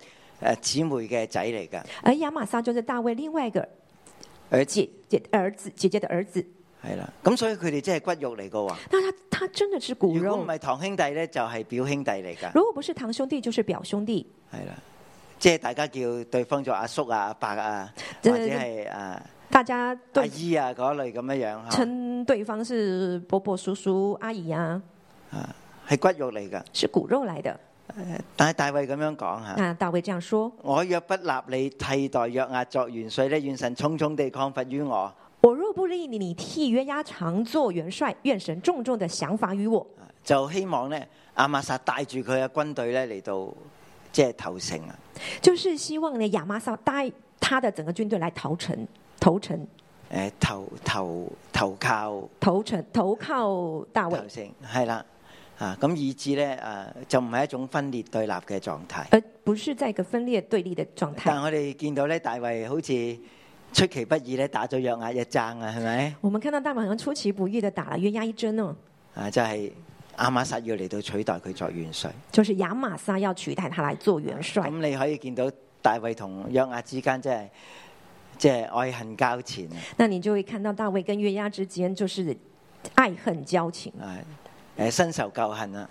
姊、呃、妹嘅仔嚟噶。而亞瑪撒就是大衛另外一個姐、欸、姐，姐兒子姐姐的兒子。係啦，咁、嗯、所以佢哋真係骨肉嚟嘅喎，但係他，他真的是骨肉。如果唔係堂兄弟咧，就係表兄弟嚟噶。如果不是堂兄弟，就是表兄弟的。係啦，即係、就是、大家叫對方做阿叔啊、阿伯啊，這或者係啊。大家阿姨啊嗰類咁樣樣吓，稱對方是婆婆、叔叔、阿姨啊，啊係骨肉嚟噶，是骨肉來的。是骨肉來的呃、但係大衛咁樣講吓，啊大衛這樣說，我若不立你替代約押作元帥呢，願神重重地降罰於我；我若不立你替約押常作元帥，願神重重的降罰於我。就希望呢亞瑪撒帶住佢嘅軍隊咧嚟到即係投誠啊，就是希望呢亞瑪撒帶他的整個軍隊來投誠。投誠，誒，投投投靠，投誠投靠大衛，投誠係啦，啊，咁以致咧，誒、啊，就唔係一種分裂對立嘅狀態，而不是在一個分裂對立嘅狀態。但係我哋見到咧，大衛好似出其不意咧，打咗約押一仗啊，係咪？我們看到大衛好像出其不意的打了約押一仗哦。啊，就係亞瑪撒要嚟到取代佢作元帥，就是亞瑪撒要，要取代他嚟做元帥。咁、啊、你可以見到大衛同約押之間真係。即係愛恨交纏，那你就會看到大衛跟約押之間就是愛恨交情，誒，新仇舊恨啦，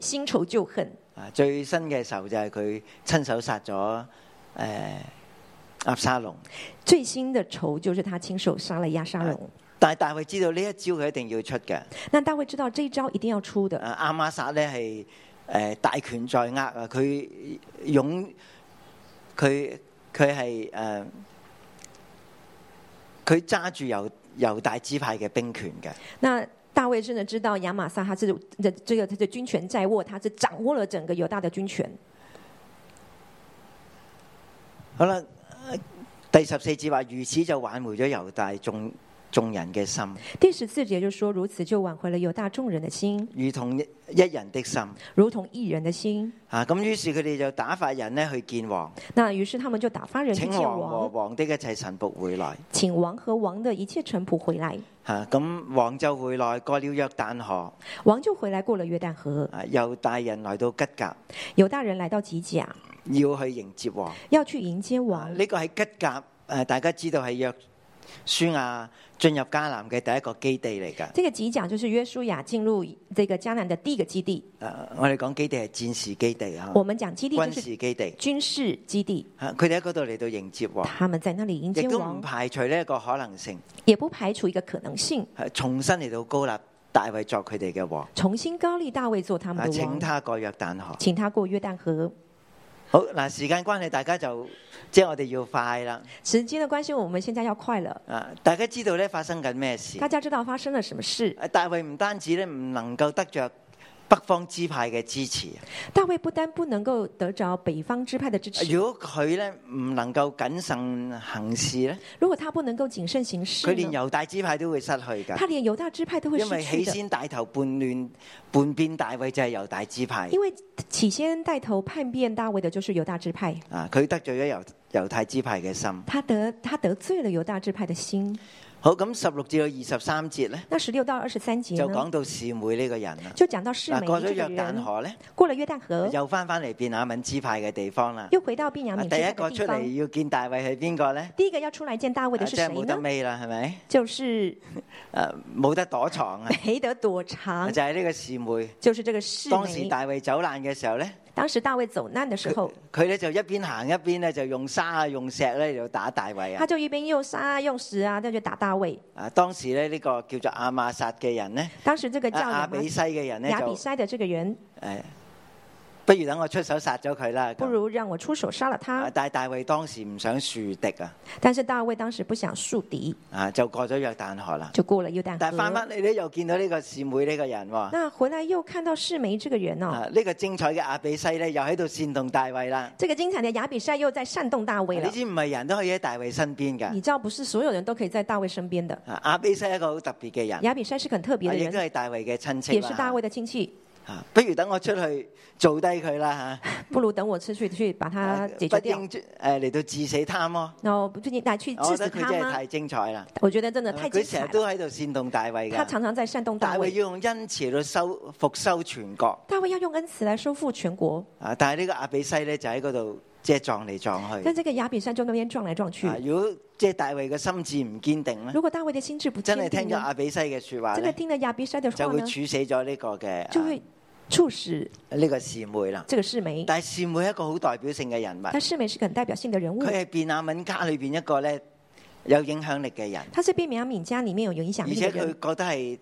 新仇舊恨。啊，最新嘅仇就係佢親手殺咗誒亞沙龍，最新的仇就是他親手殺了亞、呃、沙龍。沙龍啊、但係大衛知道呢一招佢一定要出嘅，但大衛知道呢一招一定要出的。啊，阿瑪撒咧係誒大權在握啊，佢勇，佢佢係誒。佢揸住猶猶大支派嘅兵權嘅。那大衛真的知道亞瑪撒係，係呢，這個佢嘅軍權在握，佢係掌握了整個猶大的軍權。好啦，第十四節話，如此就挽回咗猶大眾眾人嘅心，第十四節就說，如此就挽回了猶大眾人的心，如同一人的心，如同一人的心。啊，咁於是佢哋就打發人咧去見王。那於是他們就打發人去見王，請王和王的一切臣僕回來，請王和王的一切臣僕回來。吓，咁王就回來過了約旦河，王就回來過了約旦河，又、啊、猶大人來到吉甲，猶大人來到吉甲，要去迎接王，要去迎接王。呢、這個係吉甲，誒、啊，大家知道係約。約書亞進入迦南嘅第一個基地嚟噶，這個講就是約書亞進入這個迦南嘅第一個基地。誒，我哋講基地係戰士基地啊。我們講基地就是軍事基地，軍事基地。佢哋喺嗰度嚟到迎接。他們在那裡迎接。亦都唔排除呢一個可能性，也不排除一個可能性。係重新嚟到高立大衛作佢哋嘅王，重新高立大衛做他們嘅王、啊，請他過約旦河，請他過約旦河。好嗱，時間關係，大家就即係我哋要快喇。時間的關係，我們現在要快喇。啊，大家知道咧發生緊咩事？大家知道發生了什麼事？大衛唔單止咧唔能夠得着北方支派嘅支持，大衛不單不能夠得着北方支派嘅支持，如果佢咧唔能夠謹慎行事咧，如果他不能夠謹慎行事，佢連猶大支派都會失去噶他連猶大支派都會失去的，因為起先帶頭叛亂，叛變大衛就係猶大支派，因為起先帶頭叛變大衛的，就是猶大支派啊，佢得罪咗猶猶太支派嘅心，他得他得罪了猶大支派的心。好咁十六至到二十三節咧，那十六到二十三節就講到示每呢個人啦，就講到示每過咗約旦河咧，過了約旦河又翻翻嚟，便雅憫支派嘅地方啦，又回到便雅憫。第一個出嚟，要見大衛係邊個咧？第一個要出嚟見大衛嘅係誰呢？即係冇得咩啦，係咪？就是誒，冇、就是、得躲藏啊，冇得躲藏就係呢個示每，就是這個示每。當時大衛走難嘅時候咧。當時大衛走難的時候，佢咧就一邊行一邊咧就用沙啊用石咧，啊，就打大衛啊。他就一邊用沙，啊，用石啊，就去打大衛。啊，當時咧呢個叫做亞瑪撒嘅人呢，當時這個叫亞比西嘅人呢，當時這個亞比西的，亞比塞的這個人，誒，哎。不如等我出手殺咗佢啦！不如讓我出手殺了他。但係大衛當時唔想樹敵啊！但是大衛當時不想樹敵啊！就過咗約旦河啦，就過了約旦河了。河但係翻翻嚟咧又見到呢個示每呢個人喎？那回來又看到示每這個人哦。呢個精彩嘅亞比西咧又喺度煽動大衛啦！這個精彩的亞比西又在煽動大衛啦！你知唔係人都可以喺大衛身邊噶？你知道不是所有人都可以在大衛身邊嘅、啊。亞比西係一個好特別嘅人、啊。亞比西是個很特別嘅人。亦、啊、都係大衛嘅親戚、啊。也是大衛的親戚。啊。啊、不如等我出去做低佢啦吓！不如等我出去去把他，解決掉。不誒嚟到致死他，咯。最近帶去死我覺得佢真係太精彩啦、啊！我覺得真的太精彩。佢成日都喺度煽動大衛嘅。他常常在煽動，動大衛。大衛要用恩慈來收復收全國。大衛要用恩慈來收復全國。啊！但係呢個阿比西咧就喺嗰度。即係撞嚟撞去，但係個亞比篩就咁樣撞嚟撞去。如果即係大衛嘅心智唔堅定咧，如果大衛嘅心智不，定心智不定真係聽咗亞比篩嘅說話，真係聽了亞比篩嘅話咧，呢就會處死咗呢個嘅，就會處死呢個示每啦。這個示每，但示每一個好代表性嘅人物，示每是個很代表性嘅人物，佢係便雅憫家裏邊一個咧有影響力嘅人，他是便雅憫家裏面有影響力嘅人，而且佢覺得係。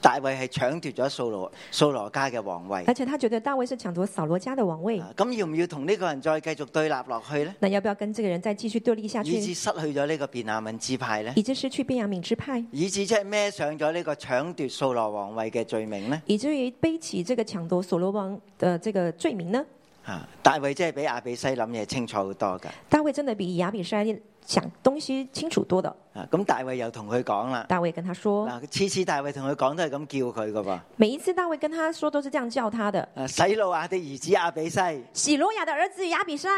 大衛係搶奪咗掃羅掃羅家嘅王位，而且他覺得大衛是搶奪掃羅家嘅王位。咁要唔要同呢個人再繼續對立落去呢？那要不要跟這個人再繼續對立下去？要要下去以致失去咗呢個便雅憫支派呢？以致失去便雅憫支派？以致即係孭上咗呢個搶奪掃羅王位嘅罪名呢？以至於背起這個搶奪掃羅王的這個罪名呢？啊，大衛真係比亞比西諗嘢清楚好多㗎、啊。大衛真的比亞比西講東西清楚多的，咁、啊、大衛又同佢講啦。大衛跟他說，次、啊、次大衛同佢講都係咁叫佢噶噃。每一次大衛跟他說都是這樣叫他的。啊、洗魯雅的兒子亞比篩，洗魯雅的兒子亞比篩。」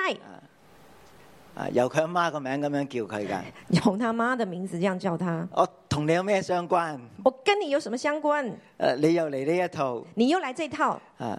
啊，由佢阿媽個名咁樣叫佢噶，用他媽的名字這樣叫他。我同你有咩相關？我跟你有什麼相關？誒，你又嚟呢一套？你又來這一套？啊！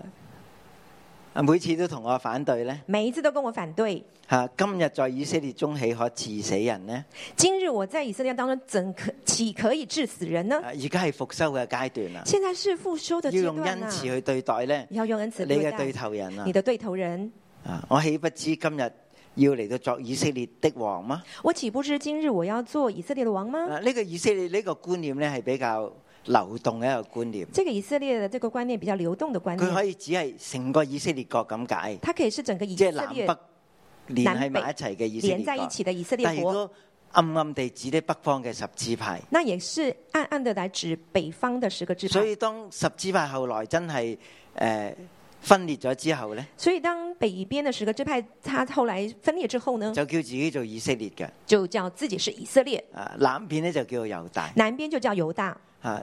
啊！每次都同我反對咧，每一次都跟我反對。吓、啊，今日在以色列中，豈可治死人呢？今日我在以色列當中，怎可豈可以治死人呢？而家係復修嘅階段啦，現在是復修嘅的階段。要用恩慈去對待咧，要用恩慈。你嘅對頭人啊，你的對頭人。啊，我豈不知今日要嚟到作以色列的王嗎？我豈不知今日我要做以色列的王嗎？呢、啊這個以色列呢個觀念咧，係比較。流動嘅一個觀念，這個以色列的這個觀念比較流動的觀念。佢可以只係成個以色列國咁解，它可以是整個以色列國，即係南北連繫埋一齊嘅以色列，連在一起嘅以色列國。但也都暗暗地指啲北方嘅十字派，那也是暗暗地嚟指北方嘅十個支派。所以當十字派後來真係誒、呃、分裂咗之後呢，所以當北邊嘅十個支派，他後來分裂之後呢，就叫自己做以色列嘅，就叫自己是以色列。誒，南邊呢，就叫猶大，南邊就叫猶大。啊！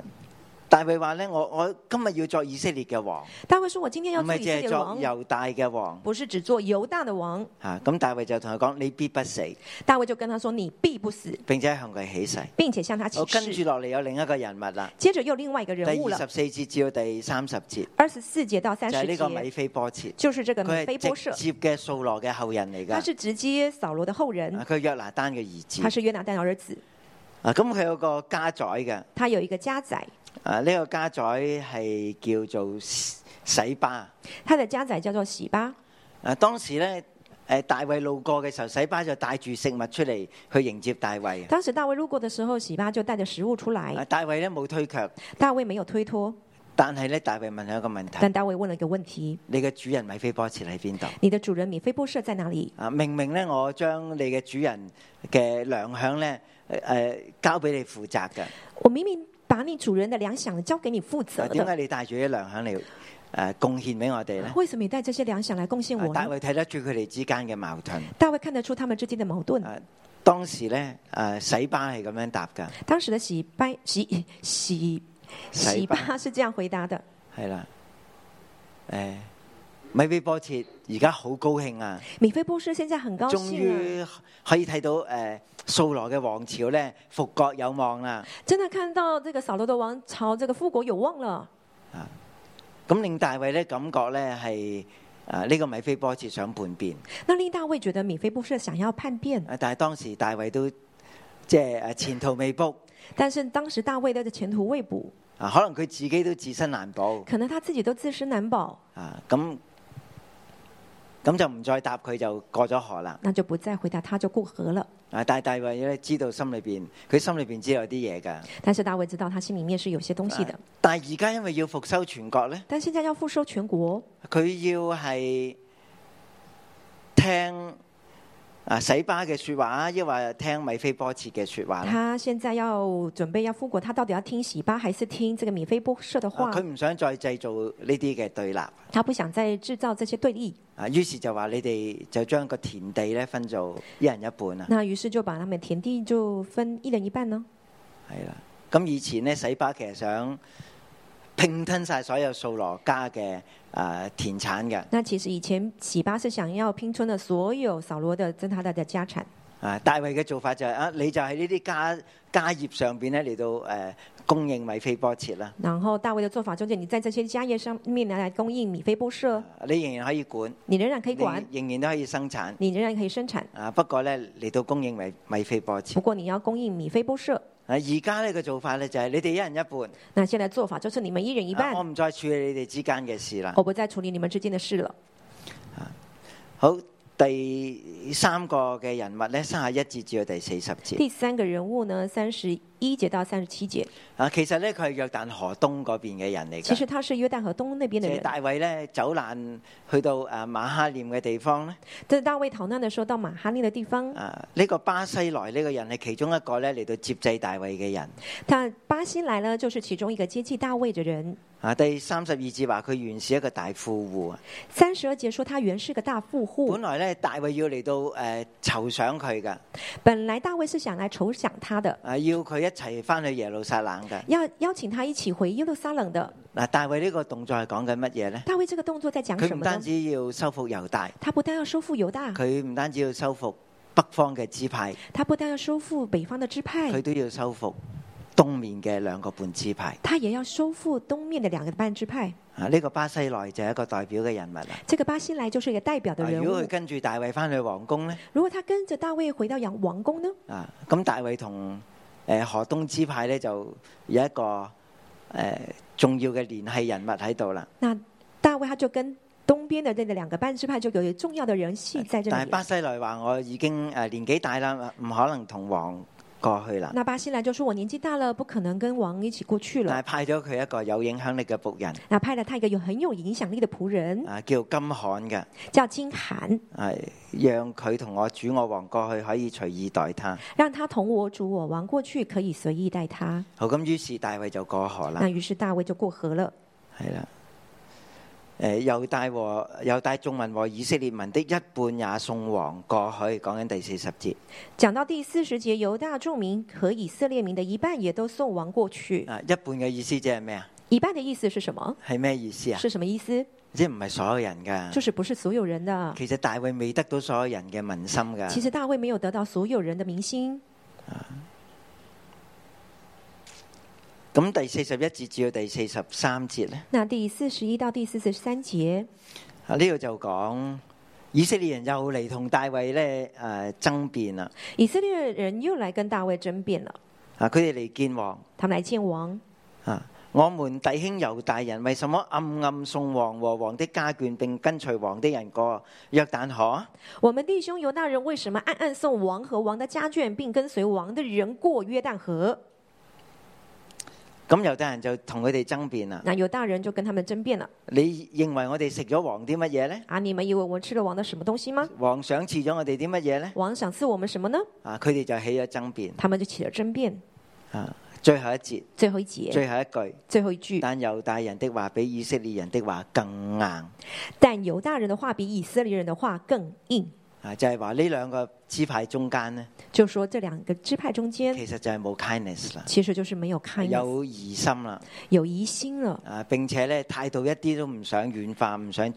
大衛話咧：我我今日要做以色列嘅王。大衛說，我今天要做猶大嘅王。不是只是做猶大的王。啊！咁大衛就同佢講：你必不死。大衛就跟他說：你必不死，並且向佢起誓。並且向他起誓。我跟住落嚟，有另一個人物啦。接着又有另外一個人物了。二十四節至到第三十節。二十四節到三十節。就係呢個米非波設，就是這個米非波設。佢係直接嘅掃羅嘅後人嚟噶。佢是直接掃羅嘅後人。佢約拿單嘅兒子。他是約拿單的兒子。啊，咁佢有個家宰嘅，他有一個家宰。啊，呢個家宰係叫做洗巴。他的家宰叫做洗巴。啊，當時咧，誒大衛路過嘅時候，洗巴就帶住食物出嚟去迎接大衛。當時大衛路過嘅時候，洗巴就帶着食物出嚟。啊，大衛咧冇推卻。大衛沒有推脫。但係咧，大衛問咗一,一個問題。但大衛問了一個問題：，你嘅主人米非波設喺邊度？你的主人米非波設在哪裏？啊，明明咧，我將你嘅主人嘅糧餉咧，誒、呃，交俾你負責嘅。我明明把你主人嘅糧餉交給你負責，點解你帶住啲糧餉嚟誒貢獻俾我哋咧？為什麼你帶這些糧餉來、呃、貢獻我？大衛睇得住佢哋之間嘅矛盾。大衛看得出他們之間嘅矛盾。啊、當時咧，誒、啊，洗巴係咁樣答嘅。當時咧、呃，洗巴洗、呃、洗。洗吧，是這樣回答的。係啦，誒、欸，米菲波切而家好高興啊！米菲波士現在很高興、啊，終於可以睇到誒，掃、欸、羅嘅王朝呢，復國有望啦！真的看到呢個掃羅的王朝，這個復國有望啦、啊！啊，咁令大衛呢感覺呢係啊呢個米菲波切想叛變。那令大衛覺得米菲波切想要叛變？啊，但係當時大衛都即係誒前途未卜。但是當時大衛都前途未卜。啊，可能佢自己都自身難保。可能他自己都自身難保。難保啊，咁咁就唔再答佢，就過咗河啦。那就不再回答他，他就過河了。啊，但大衛咧知道心裏邊，佢心裏邊知道有啲嘢噶。但是大衛知道，他心裏面是有些東西的。啊，但係而家因為要復收全國咧。但現在要復收全國。佢要係聽。啊！洗巴嘅説話，抑或聽米非波設嘅説話。他現在要準備要復國，他到底要聽洗巴，還是聽這個米非波設的話？佢唔想再製造呢啲嘅對立。他不想再製造這些對立。啊，於是就話你哋就將個田地咧分做一人一半啦。那於是就把他們田地就分一人一半囉。係啦，咁以前咧洗巴其實想，拼吞晒所有掃羅家嘅誒田產嘅。那其實以前洗巴是想要拼吞咗所有掃羅的真他大家家產。啊，大衛嘅做法就係、是、啊，你就喺呢啲家家業上邊咧嚟到誒、呃、供應米菲波切啦。然後大衛嘅做法中係你在這些家業上面嚟供應米菲波撤。你仍然可以管，你仍然可以管，仍然都可以生產，你仍然可以生產。啊，不過咧嚟到供應米米非波切，不過你要供應米菲波撤。而家呢個做法呢，就係你哋一人一半。那現在做法就是你們一人一半。我唔再處理你哋之間嘅事啦。我不再處理你們之間嘅事了。事了好，第三個嘅人物呢，三十一至至到第四十節。第三個人物呢，三十。一節到三十七節啊，其實呢，佢係約旦河東嗰邊嘅人嚟嘅。其實他是約旦河東那邊嘅人。人大衛呢，走難去到誒瑪哈念嘅地方呢，即係大衛逃難的時候到瑪哈念嘅地方。啊，呢個巴西萊呢個人係其中一個咧嚟到接濟大衛嘅人。但巴西萊呢，就是其中一個接濟大衛嘅人。啊，第三十二節話佢原是一個大富戶。三十二節說他原是個大富戶。本來呢，大衛要嚟到誒、呃、酬賞佢噶。本來大衛是想嚟酬賞他的。啊，要佢一。一齊翻去耶路撒冷嘅，要邀請他一起回耶路撒冷的。嗱，大衛呢個動作係講緊乜嘢咧？大衛呢個動作在講什麼？佢唔單止要收復猶大，他不但要收復猶大，佢唔單止要收復北方嘅支派，他不但要收復北方嘅支派，佢都要收復東面嘅兩個半支派，他也要收復東面嘅兩個半支派。啊，呢個巴西萊就係一個代表嘅人物啦。這個巴西萊就是一個代表的人物，啊，如果佢跟住大衛翻去王宮咧？如果他跟着大衛回到王王宮呢？啊、咁、嗯、大衛同。誒、呃、河東支派咧就有一個誒、呃、重要嘅聯繫人物喺度啦。那大衛佢就跟東邊嘅呢兩個班支派就有重要的人士在這裏、呃。但係巴西來話：我已經誒、呃、年紀大啦，唔可能同王。過去啦。那巴西萊就說我年紀大了，不可能跟王一起過去了。那派咗佢一個有影響力嘅僕人。那派咗他一個有很有影響力嘅僕人。啊，叫金罕嘅。叫金罕。係、啊，讓佢同我主我王過去可以隨意待他。讓他同我主我王過去可以隨意待他。好，咁於是大衛就過河啦。那於是大衛就過河了。係啦。誒，猶大和猶大眾民和以色列民的一半也送往過去，講緊第四十節。講到第四十節，猶大眾民和以色列民的一半也都送往過去。啊，一半嘅意思即係咩啊？一半嘅意思是什麼？係咩意思啊？是什麼意思？意思即係唔係所有人噶、嗯？就是不是所有人的？其實大衛未得到所有人嘅民心噶。其實大衛沒有得到所有人的民心。咁第四十一節至到第四十三節呢？嗱，第四十一到第四十三節啊？呢度就講以色列人又嚟同大衛咧誒爭辯啦！以色列人又嚟跟大衛爭辯啦！啊，佢哋嚟見王，他們嚟見王啊！我們弟兄猶大人為什麼暗暗送王和王的家眷，並跟隨王的人過約旦河？我們弟兄猶大人為什麼暗暗送王和王的家眷，並跟隨王的人過約旦河？咁猶大人就同佢哋爭辯啦。那猶大人就跟他們爭辯啦。辯了，你認為我哋食咗王啲乜嘢咧？啊，你們以為我們吃了王的什麼東西嗎？王賞賜咗我哋啲乜嘢咧？王賞賜我們什麼呢？啊，佢哋就起咗爭辯。他們就起了爭辯。啊，最後一節。最後一節。最後一節。最後一句。最後一句。但猶大人的話比以色列人的話更硬。但猶大人的話比以色列人的話更硬。啊，就係話呢兩個支派中間呢，就說這兩個支派中間其實就係冇 kindness 啦，其實就是沒有 kind，有疑心啦，有疑心了。啊，並且咧態度一啲都唔想軟化，唔想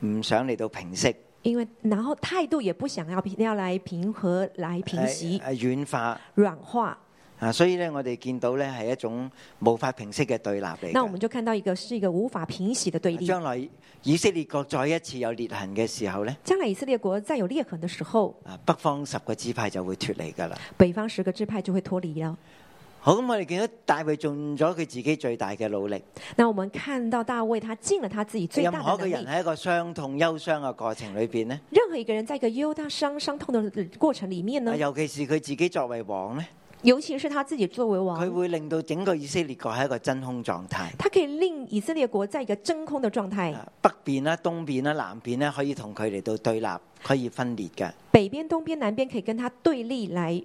唔想嚟到平息，因為然後態度也不想要要來平和來平息，啊、軟化。啊，所以咧，我哋見到咧係一種無法平息嘅對立嚟。那我們就看到一個是一個無法平息嘅對立。啊、將來以色列國再一次有裂痕嘅時候咧，將來以色列國再有裂痕嘅時候，啊，北方十個支派就會脫離噶啦。北方十個支派就會脫離咯。好，咁、嗯、我哋見到大衛盡咗佢自己最大嘅努力。那我們看到大衛，他盡了他自己最大嘅努力。任何一個人喺一個傷痛憂傷嘅過程裏邊呢，任何一個人在一個憂傷傷痛的過程裏面呢，啊、尤其是佢自己作為王咧，尤其是他自己作為王，佢會令到整個以色列國係一個真空狀態。佢可以令以色列國在一個真空的狀態。北邊啦、東邊啦、南邊啦，可以同佢嚟到對立，可以分裂嘅。北邊、東邊、南邊可以跟佢對，對立嚟。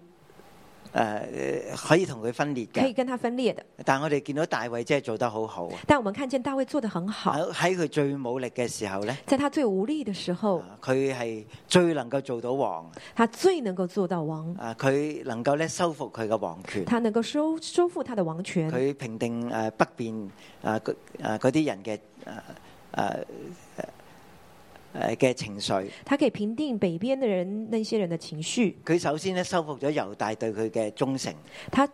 誒，可以同佢分裂嘅，可以跟他分裂嘅。但係我哋見到大衛真係做得好好。但我們看見大衛做得很好。喺佢最冇力嘅時候咧，在他最無力嘅時候，佢係、呃、最能夠做到王。他最能夠做到王。啊，佢能夠咧收復佢嘅王權。他能夠收收復他的王權。佢平定誒北邊誒誒嗰啲人嘅誒誒。呃呃誒嘅情緒，他可以平定北邊的人那些人的情緒。佢首先咧收復咗猶大對佢嘅忠誠。他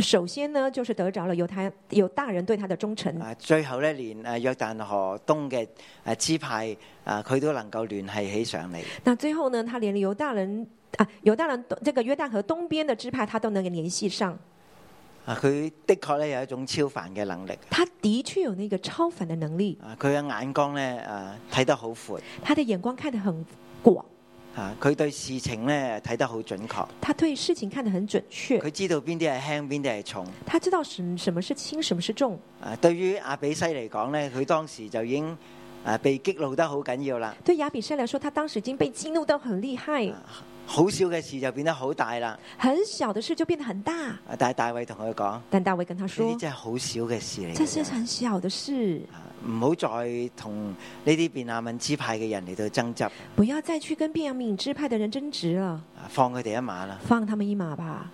首先呢，就是得着了猶大猶大人對他的忠誠。啊，最後呢，連誒約旦河東嘅誒支派啊，佢都能夠聯繫起上嚟。那最後呢，他連猶大人啊，猶大人，這個約旦河東邊的支派，他都能聯繫上。啊！佢的確咧有一種超凡嘅能力。他的確有那個超凡嘅能力。啊！佢嘅眼光咧，啊，睇得好闊。他的眼光、啊、看得很廣。啊！佢對事情咧睇得好準確。他對事情看得很準確。佢知道邊啲係輕，邊啲係重。他知道什什麼是輕，什麼是重。啊！對於亞比西嚟講咧，佢當時就已經啊被激怒得好緊要啦。對亞比西嚟講，他當時已經被激怒到很厲害。啊好小嘅事就變得好大啦，很小嘅事就變得很大。但係大衛同佢講，但大衛跟他說，呢啲真係好小嘅事嚟，這些是很小，這是很小的事，唔好、啊、再同呢啲便雅憫支派嘅人嚟到爭執。不要再去跟便雅憫支派嘅人爭執啦。放佢哋一馬啦，放他們一馬吧。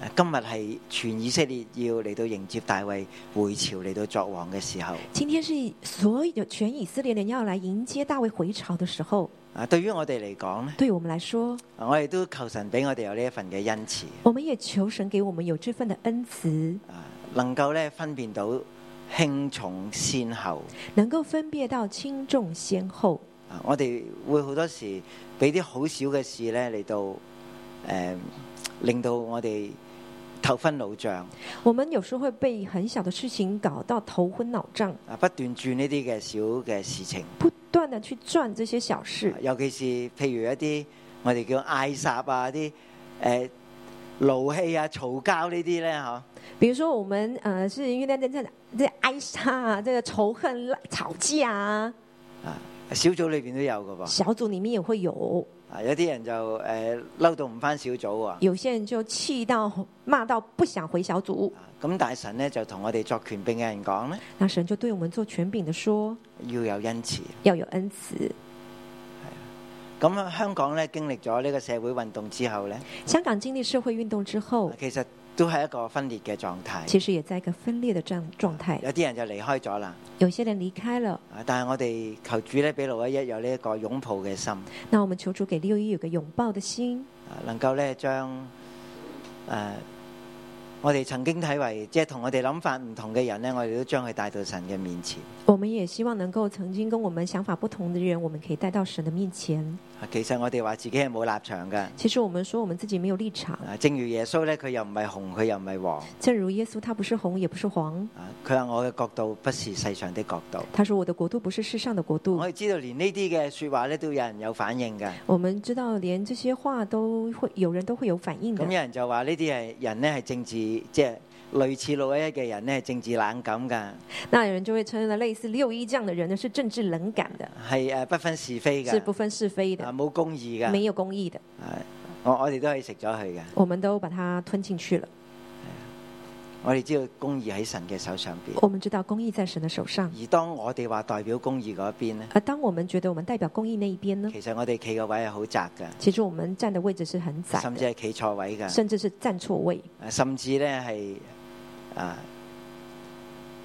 啊、今日係全以色列要嚟到迎接大衛回朝嚟到作王嘅時候。今天是所有全以色列人要嚟迎接大衛回朝嘅時候。啊，對於我哋嚟講咧，對於我們來說，我哋都求神俾我哋有呢一份嘅恩慈。我們也求神給我們有這份嘅恩慈。啊，能夠咧分辨到輕重先後，能夠分辨到輕重先後。啊，我哋會好多時俾啲好小嘅事咧嚟到，誒、呃，令到我哋頭昏腦脹。我們有時會被很小的事情搞到頭昏腦脹。啊，不斷轉呢啲嘅小嘅事情。不斷的去轉這些小事，啊、尤其是譬如一啲我哋叫嗌殺啊，啲誒、欸、勞氣啊、嘈交呢啲咧，嗬。比如說我們誒是因為啲真真啲嗌殺啊，這個仇恨、吵架啊，小組裏邊都有噶噃，小組裏面也會有。啊！有啲人就誒嬲到唔返小組啊，有些人就氣到罵到不想回小組。咁、啊、大神呢，就同我哋作權柄嘅人講呢，大神就對我們作權柄的說：要有恩慈，要有恩慈。係啊。咁啊，香港咧經歷咗呢個社會運動之後咧。香港經歷社會運動之後，其實。都係一個分裂嘅狀態，其實也在一個分裂嘅狀狀態。有啲人就離開咗啦，有些人離開了。但係我哋求主咧，俾六一有呢一個擁抱嘅心。那我們求主給六一有一個擁抱嘅心，能夠咧將誒我哋曾經睇為即係同我哋諗法唔同嘅人呢，我哋都將佢帶到神嘅面前。我們也希望能夠曾經跟我們想法不同嘅人，我們可以帶到神嘅面前。其實我哋話自己係冇立場㗎。其實我們說我們自己沒有立場。正如耶穌咧，佢又唔係紅，佢又唔係黃。正如耶穌，他不是紅，也不是黃。佢話我嘅角度不是世上的角度。他說我的國度不是世上的國度。我哋知道連呢啲嘅説話咧都有人有反應嘅。我們知道連這些話都會有人都會有反應嘅。咁有人就話呢啲係人呢係政治即係。類似六一嘅人呢，係政治冷感噶。那有人就會稱啦，類似六一這樣嘅人呢，是政治冷感嘅。係誒，不分是非嘅。是不分是非的。啊，冇公義嘅。沒有公義嘅。係、啊，啊、我我哋都可以食咗佢嘅。我哋都把它吞進去了。我哋知道公義喺神嘅手上邊。我們知道公義在神嘅手上。手上而當我哋話代表公義嗰邊呢，啊，當我們覺得我們代表公義那一邊呢？其實我哋企嘅位係好窄㗎。其實我們站嘅位置是很窄。甚至係企錯位㗎。甚至是站錯位。甚至呢係。啊！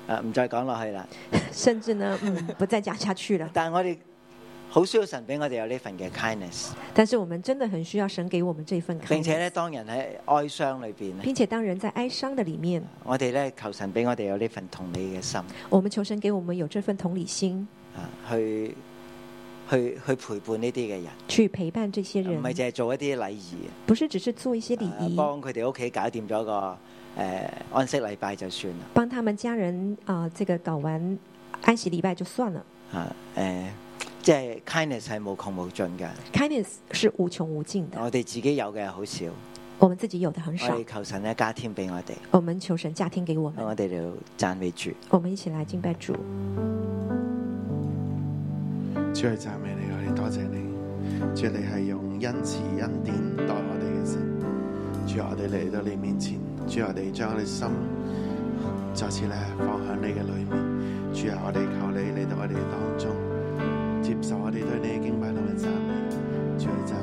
啊、唔再講落去啦。 甚至呢，唔、嗯、不再講下去了。但係我哋好需要神俾我哋有呢份嘅 kindness。但是我們真的很需要神給我們這份。並且呢，當人喺哀傷裏邊。並且當人在哀傷的裏面，我哋呢求神俾我哋有呢份同理嘅心。我們求神給我們有這份同理心，啊、去去去陪伴呢啲嘅人，去陪伴這些人，唔係淨係做一啲禮儀，不是只是做一些禮儀，啊、幫佢哋屋企搞掂咗個。誒、呃，安息禮拜就算啦。幫他們家人啊、呃，這個搞完安息禮拜就算了。啊，誒、呃，即、就、係、是、kindness 係無窮無盡噶。kindness 是無窮無盡的。我哋自己有嘅好少。我們自己有的很少。我哋求神呢，加添俾我哋。我們求神加添給我。我哋就讚美主。我們一起來敬拜主。主嚟讚美你，我哋多謝你。主要你係用恩慈恩典待我哋嘅神。主要我哋嚟到你面前。主啊，我哋將我心再次咧放喺你嘅裏面。主啊，我哋求你嚟到我哋當中，接受我哋對你敬拜同埋讚美。主啊，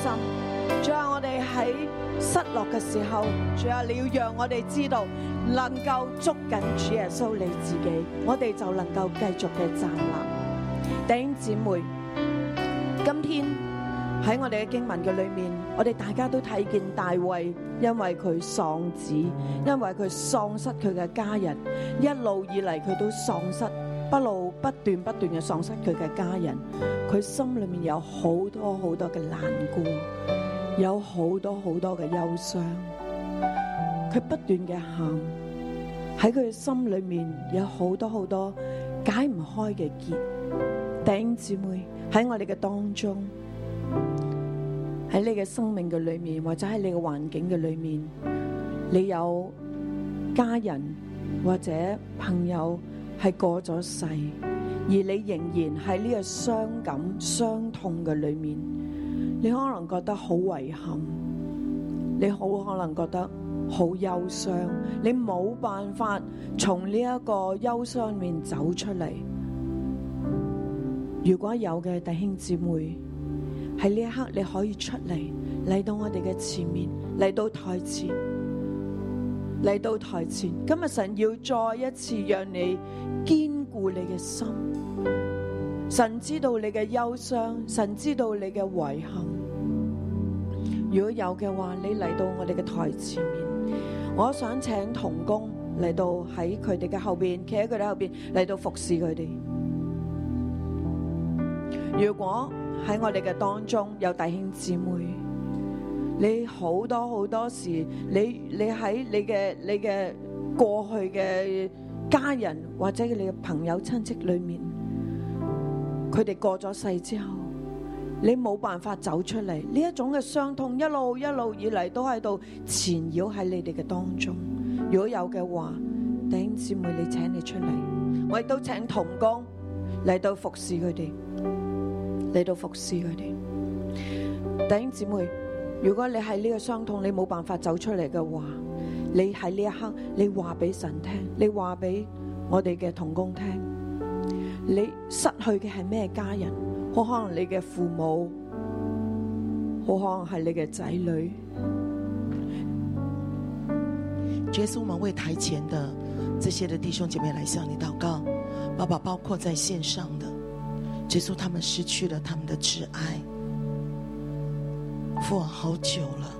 心，仲有，我哋喺失落嘅時候，仲有，你要讓我哋知道，能夠捉緊主耶穌你自己，我哋就能夠繼續嘅站立。弟兄姊妹，今天喺我哋嘅經文嘅裏面，我哋大家都睇見大衛，因為佢喪子，因為佢喪失佢嘅家人，一路以嚟佢都喪失，不路不斷不斷嘅喪失佢嘅家人。佢心裏面有好多好多嘅難過，有好多好多嘅憂傷。佢不斷嘅喊，喺佢嘅心裏面有好多好多解唔開嘅結。弟兄姊妹，喺我哋嘅當中，喺你嘅生命嘅裏面，或者喺你嘅環境嘅裏面，你有家人或者朋友係過咗世。而你仍然喺呢個傷感、傷痛嘅裏面，你可能覺得好遺憾，你好可能覺得好憂傷，你冇辦法從呢一個憂傷面走出嚟。如果有嘅弟兄姊妹喺呢一刻，你可以出嚟，嚟到我哋嘅前面，嚟到台前，嚟到台前，今日神要再一次讓你堅顧你嘅心，神知道你嘅憂傷，神知道你嘅遺憾。如果有嘅話，你嚟到我哋嘅台前面，我想請同工嚟到喺佢哋嘅後邊，企喺佢哋後邊嚟到服侍佢哋。如果喺我哋嘅當中有弟兄姊妹，你好多好多時，你你喺你嘅你嘅過去嘅。家人或者你嘅朋友親戚裏面，佢哋過咗世之後，你冇辦法走出嚟，呢一種嘅傷痛一路一路以嚟都喺度纏繞喺你哋嘅當中。如果有嘅話，弟兄姊妹，你請你出嚟，我亦都請同工嚟到服侍佢哋，嚟到服侍佢哋。弟兄姊妹，如果你係呢個傷痛，你冇辦法走出嚟嘅話。你喺呢一刻，你話俾神聽，你話俾我哋嘅同工聽，你失去嘅係咩家人？好可能你嘅父母，好可能係你嘅仔女。耶穌，我們為臺前的這些的弟兄姐妹來向你禱告，爸爸包括在綫上的，耶穌，他們失去了他們的摯愛，父王好久了。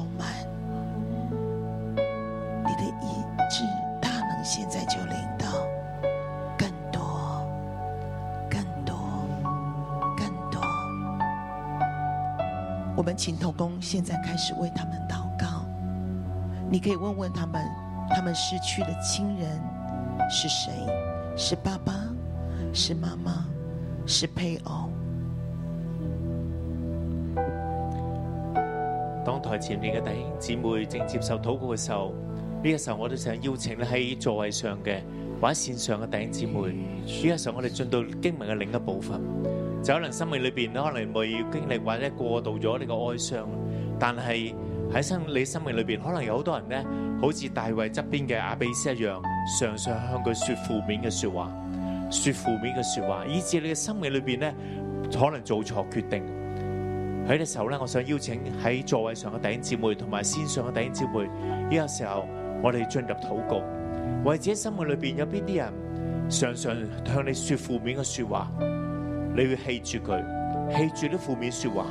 是為他們禱告。你可以問問他們，他們失去的親人是誰？是爸爸？是媽媽？是配偶？當台前面嘅弟兄姊妹正接受禱告嘅時候，呢、這個時候我都想邀請喺座位上嘅或者線上嘅弟兄姊妹，呢個時候我哋進到經文嘅另一部分，就可能生命裏邊可能未經歷或者過渡咗呢個哀傷。但係喺心你生命裏邊，可能有好多人咧，好似大衛側邊嘅阿比斯一樣，常常向佢說負面嘅說話，說負面嘅說話，以至你嘅生命裏邊咧，可能做錯決定。喺呢時候咧，我想邀請喺座位上嘅弟兄姊妹同埋線上嘅弟兄姊妹，呢、呢個時候我哋進入禱告，為自己生命裏邊有邊啲人常常向你說負面嘅說話，你要棄住佢，棄住啲負面說話。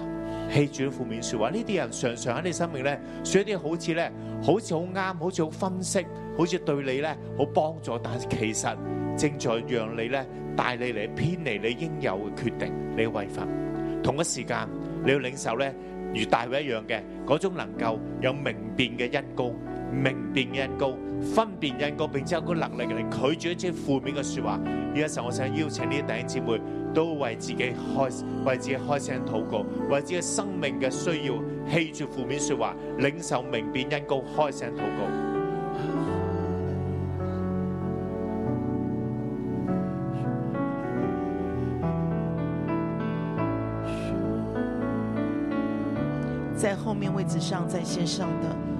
棄住啲負面說話，呢啲人常常喺你生命咧說一啲好似咧，好似好啱，好似好分析，好似對你咧好幫助，但係其實正在讓你咧帶你嚟偏離你應有嘅決定，你嘅位法。同一時間你要領受咧如大衛一樣嘅嗰種能夠有明辨嘅恩膏。明辨因果、分辨因果，並且有個能力嚟拒絕一啲負面嘅説話。呢一陣，我想邀請呢啲弟兄姊妹都為自己開為自己開聲禱告，為自己生命嘅需要棄住負面説話，領受明辨因果，開聲禱告。在後面位置上，在線上的。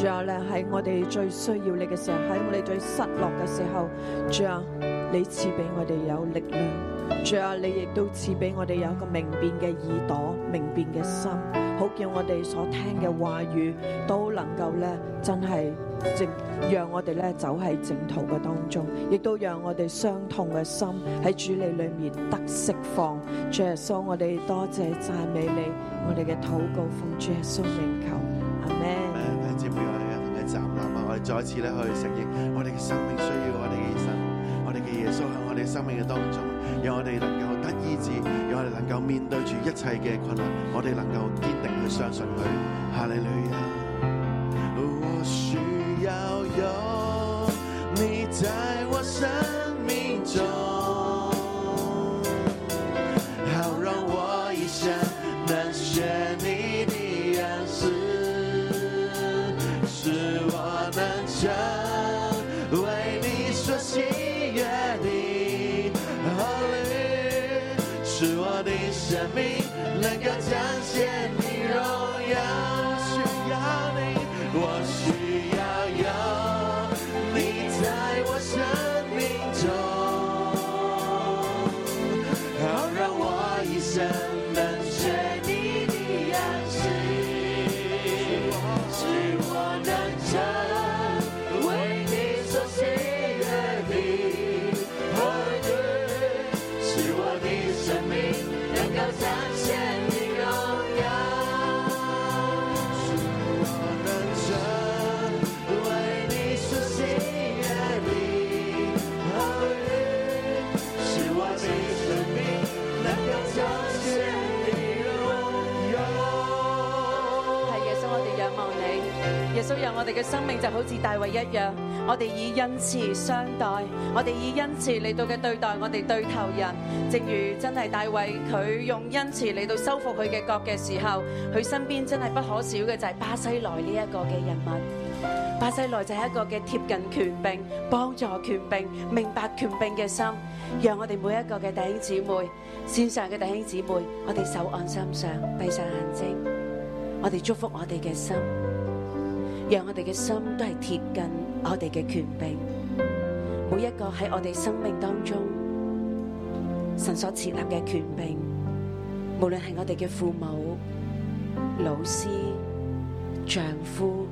主啊，咧喺我哋最需要你嘅時候，喺我哋最失落嘅時候，主啊，你賜俾我哋有力量。主啊，你亦都賜俾我哋有一個明辨嘅耳朵、明辨嘅心，好叫我哋所聽嘅話語都能夠咧，真係正讓我哋咧走喺正途嘅當中，亦都讓我哋傷痛嘅心喺主你裏面得釋放。主耶穌，我哋多謝讚美你，我哋嘅禱告奉主耶穌名求。再次咧去承認我哋嘅生命需要我哋嘅醫生，我哋嘅耶穌喺我哋生命嘅當中，讓我哋能夠得醫治，讓我哋能夠面對住一切嘅困難，我哋能夠堅定去相信佢。哈利路亞。一樣，我哋以恩慈相待，我哋以恩慈嚟到嘅對待我哋對頭人。正如真係大衛，佢用恩慈嚟到修復佢嘅國嘅時候，佢身邊真係不可少嘅就係巴西萊呢一個嘅人物。巴西萊就係一個嘅貼近權柄、幫助權柄、明白權柄嘅心。讓我哋每一個嘅弟兄姊妹、線上嘅弟兄姊妹，我哋手按心上，閉上眼睛，我哋祝福我哋嘅心。讓我哋嘅心都係貼近我哋嘅權柄，每一個喺我哋生命當中，神所設立嘅權柄，無論係我哋嘅父母、老師、丈夫、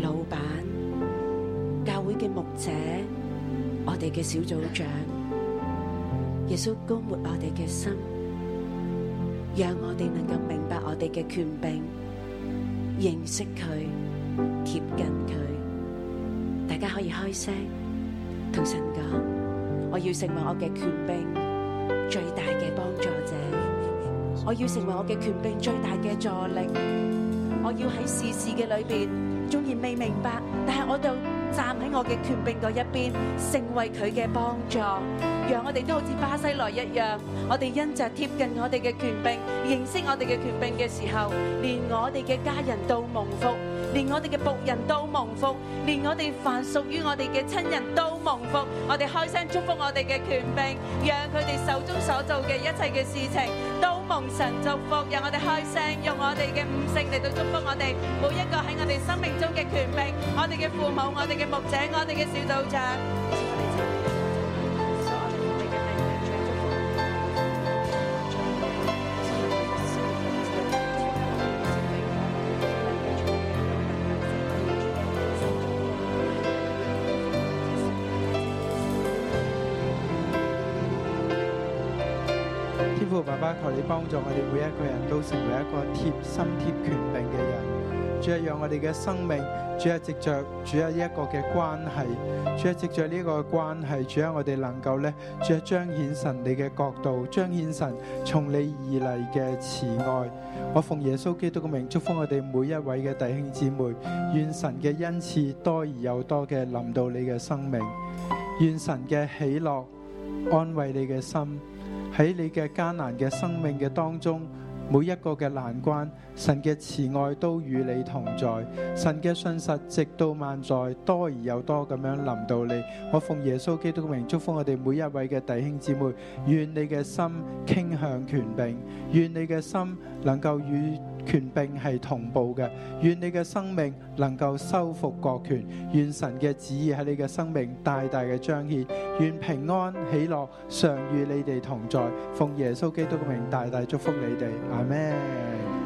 老闆、教會嘅牧者、我哋嘅小組長，耶穌膏抹我哋嘅心，讓我哋能夠明白我哋嘅權柄，認識佢。貼近佢，大家可以開聲同神講：我要成為我嘅權柄，最大嘅幫助者；我要成為我嘅權柄，最大嘅助力。我要喺事事嘅裏邊，縱然未明白，但係我就站喺我嘅權柄嗰一邊，成為佢嘅幫助。讓我哋都好似巴西萊一樣，我哋因着貼近我哋嘅權柄，認識我哋嘅權柄嘅時候，連我哋嘅家人都蒙福。連我哋嘅僕人都蒙福，連我哋凡屬於我哋嘅親人都蒙福。我哋開聲祝福我哋嘅權柄，讓佢哋手中所做嘅一切嘅事情都蒙神祝福。讓我哋開聲，用我哋嘅五聖嚟到祝福我哋每一個喺我哋生命中嘅權柄。我哋嘅父母，我哋嘅牧者，我哋嘅小組長。幫助我哋每一個人都成為一個貼心貼權柄嘅人，主啊，讓我哋嘅生命，主啊，藉着主啊呢一個嘅關係，主啊，藉着呢個關係，主啊，我哋能夠咧，主啊，彰顯神你嘅國度，彰顯神從你而嚟嘅慈愛。我奉耶穌基督嘅名祝福我哋每一位嘅弟兄姊妹，願神嘅恩賜多而又多嘅臨到你嘅生命，願神嘅喜樂安慰你嘅心。喺你嘅艱難嘅生命嘅當中，每一個嘅難關。神嘅慈愛都與你同在，神嘅信實直到萬載，多而又多咁樣臨到你。我奉耶穌基督嘅名祝福我哋每一位嘅弟兄姊妹，願你嘅心傾向權柄，願你嘅心能夠與權柄係同步嘅，願你嘅生命能夠收復國權，願神嘅旨意喺你嘅生命大大嘅彰顯，願平安喜樂常與你哋同在。奉耶穌基督嘅名大大祝福你哋，阿們。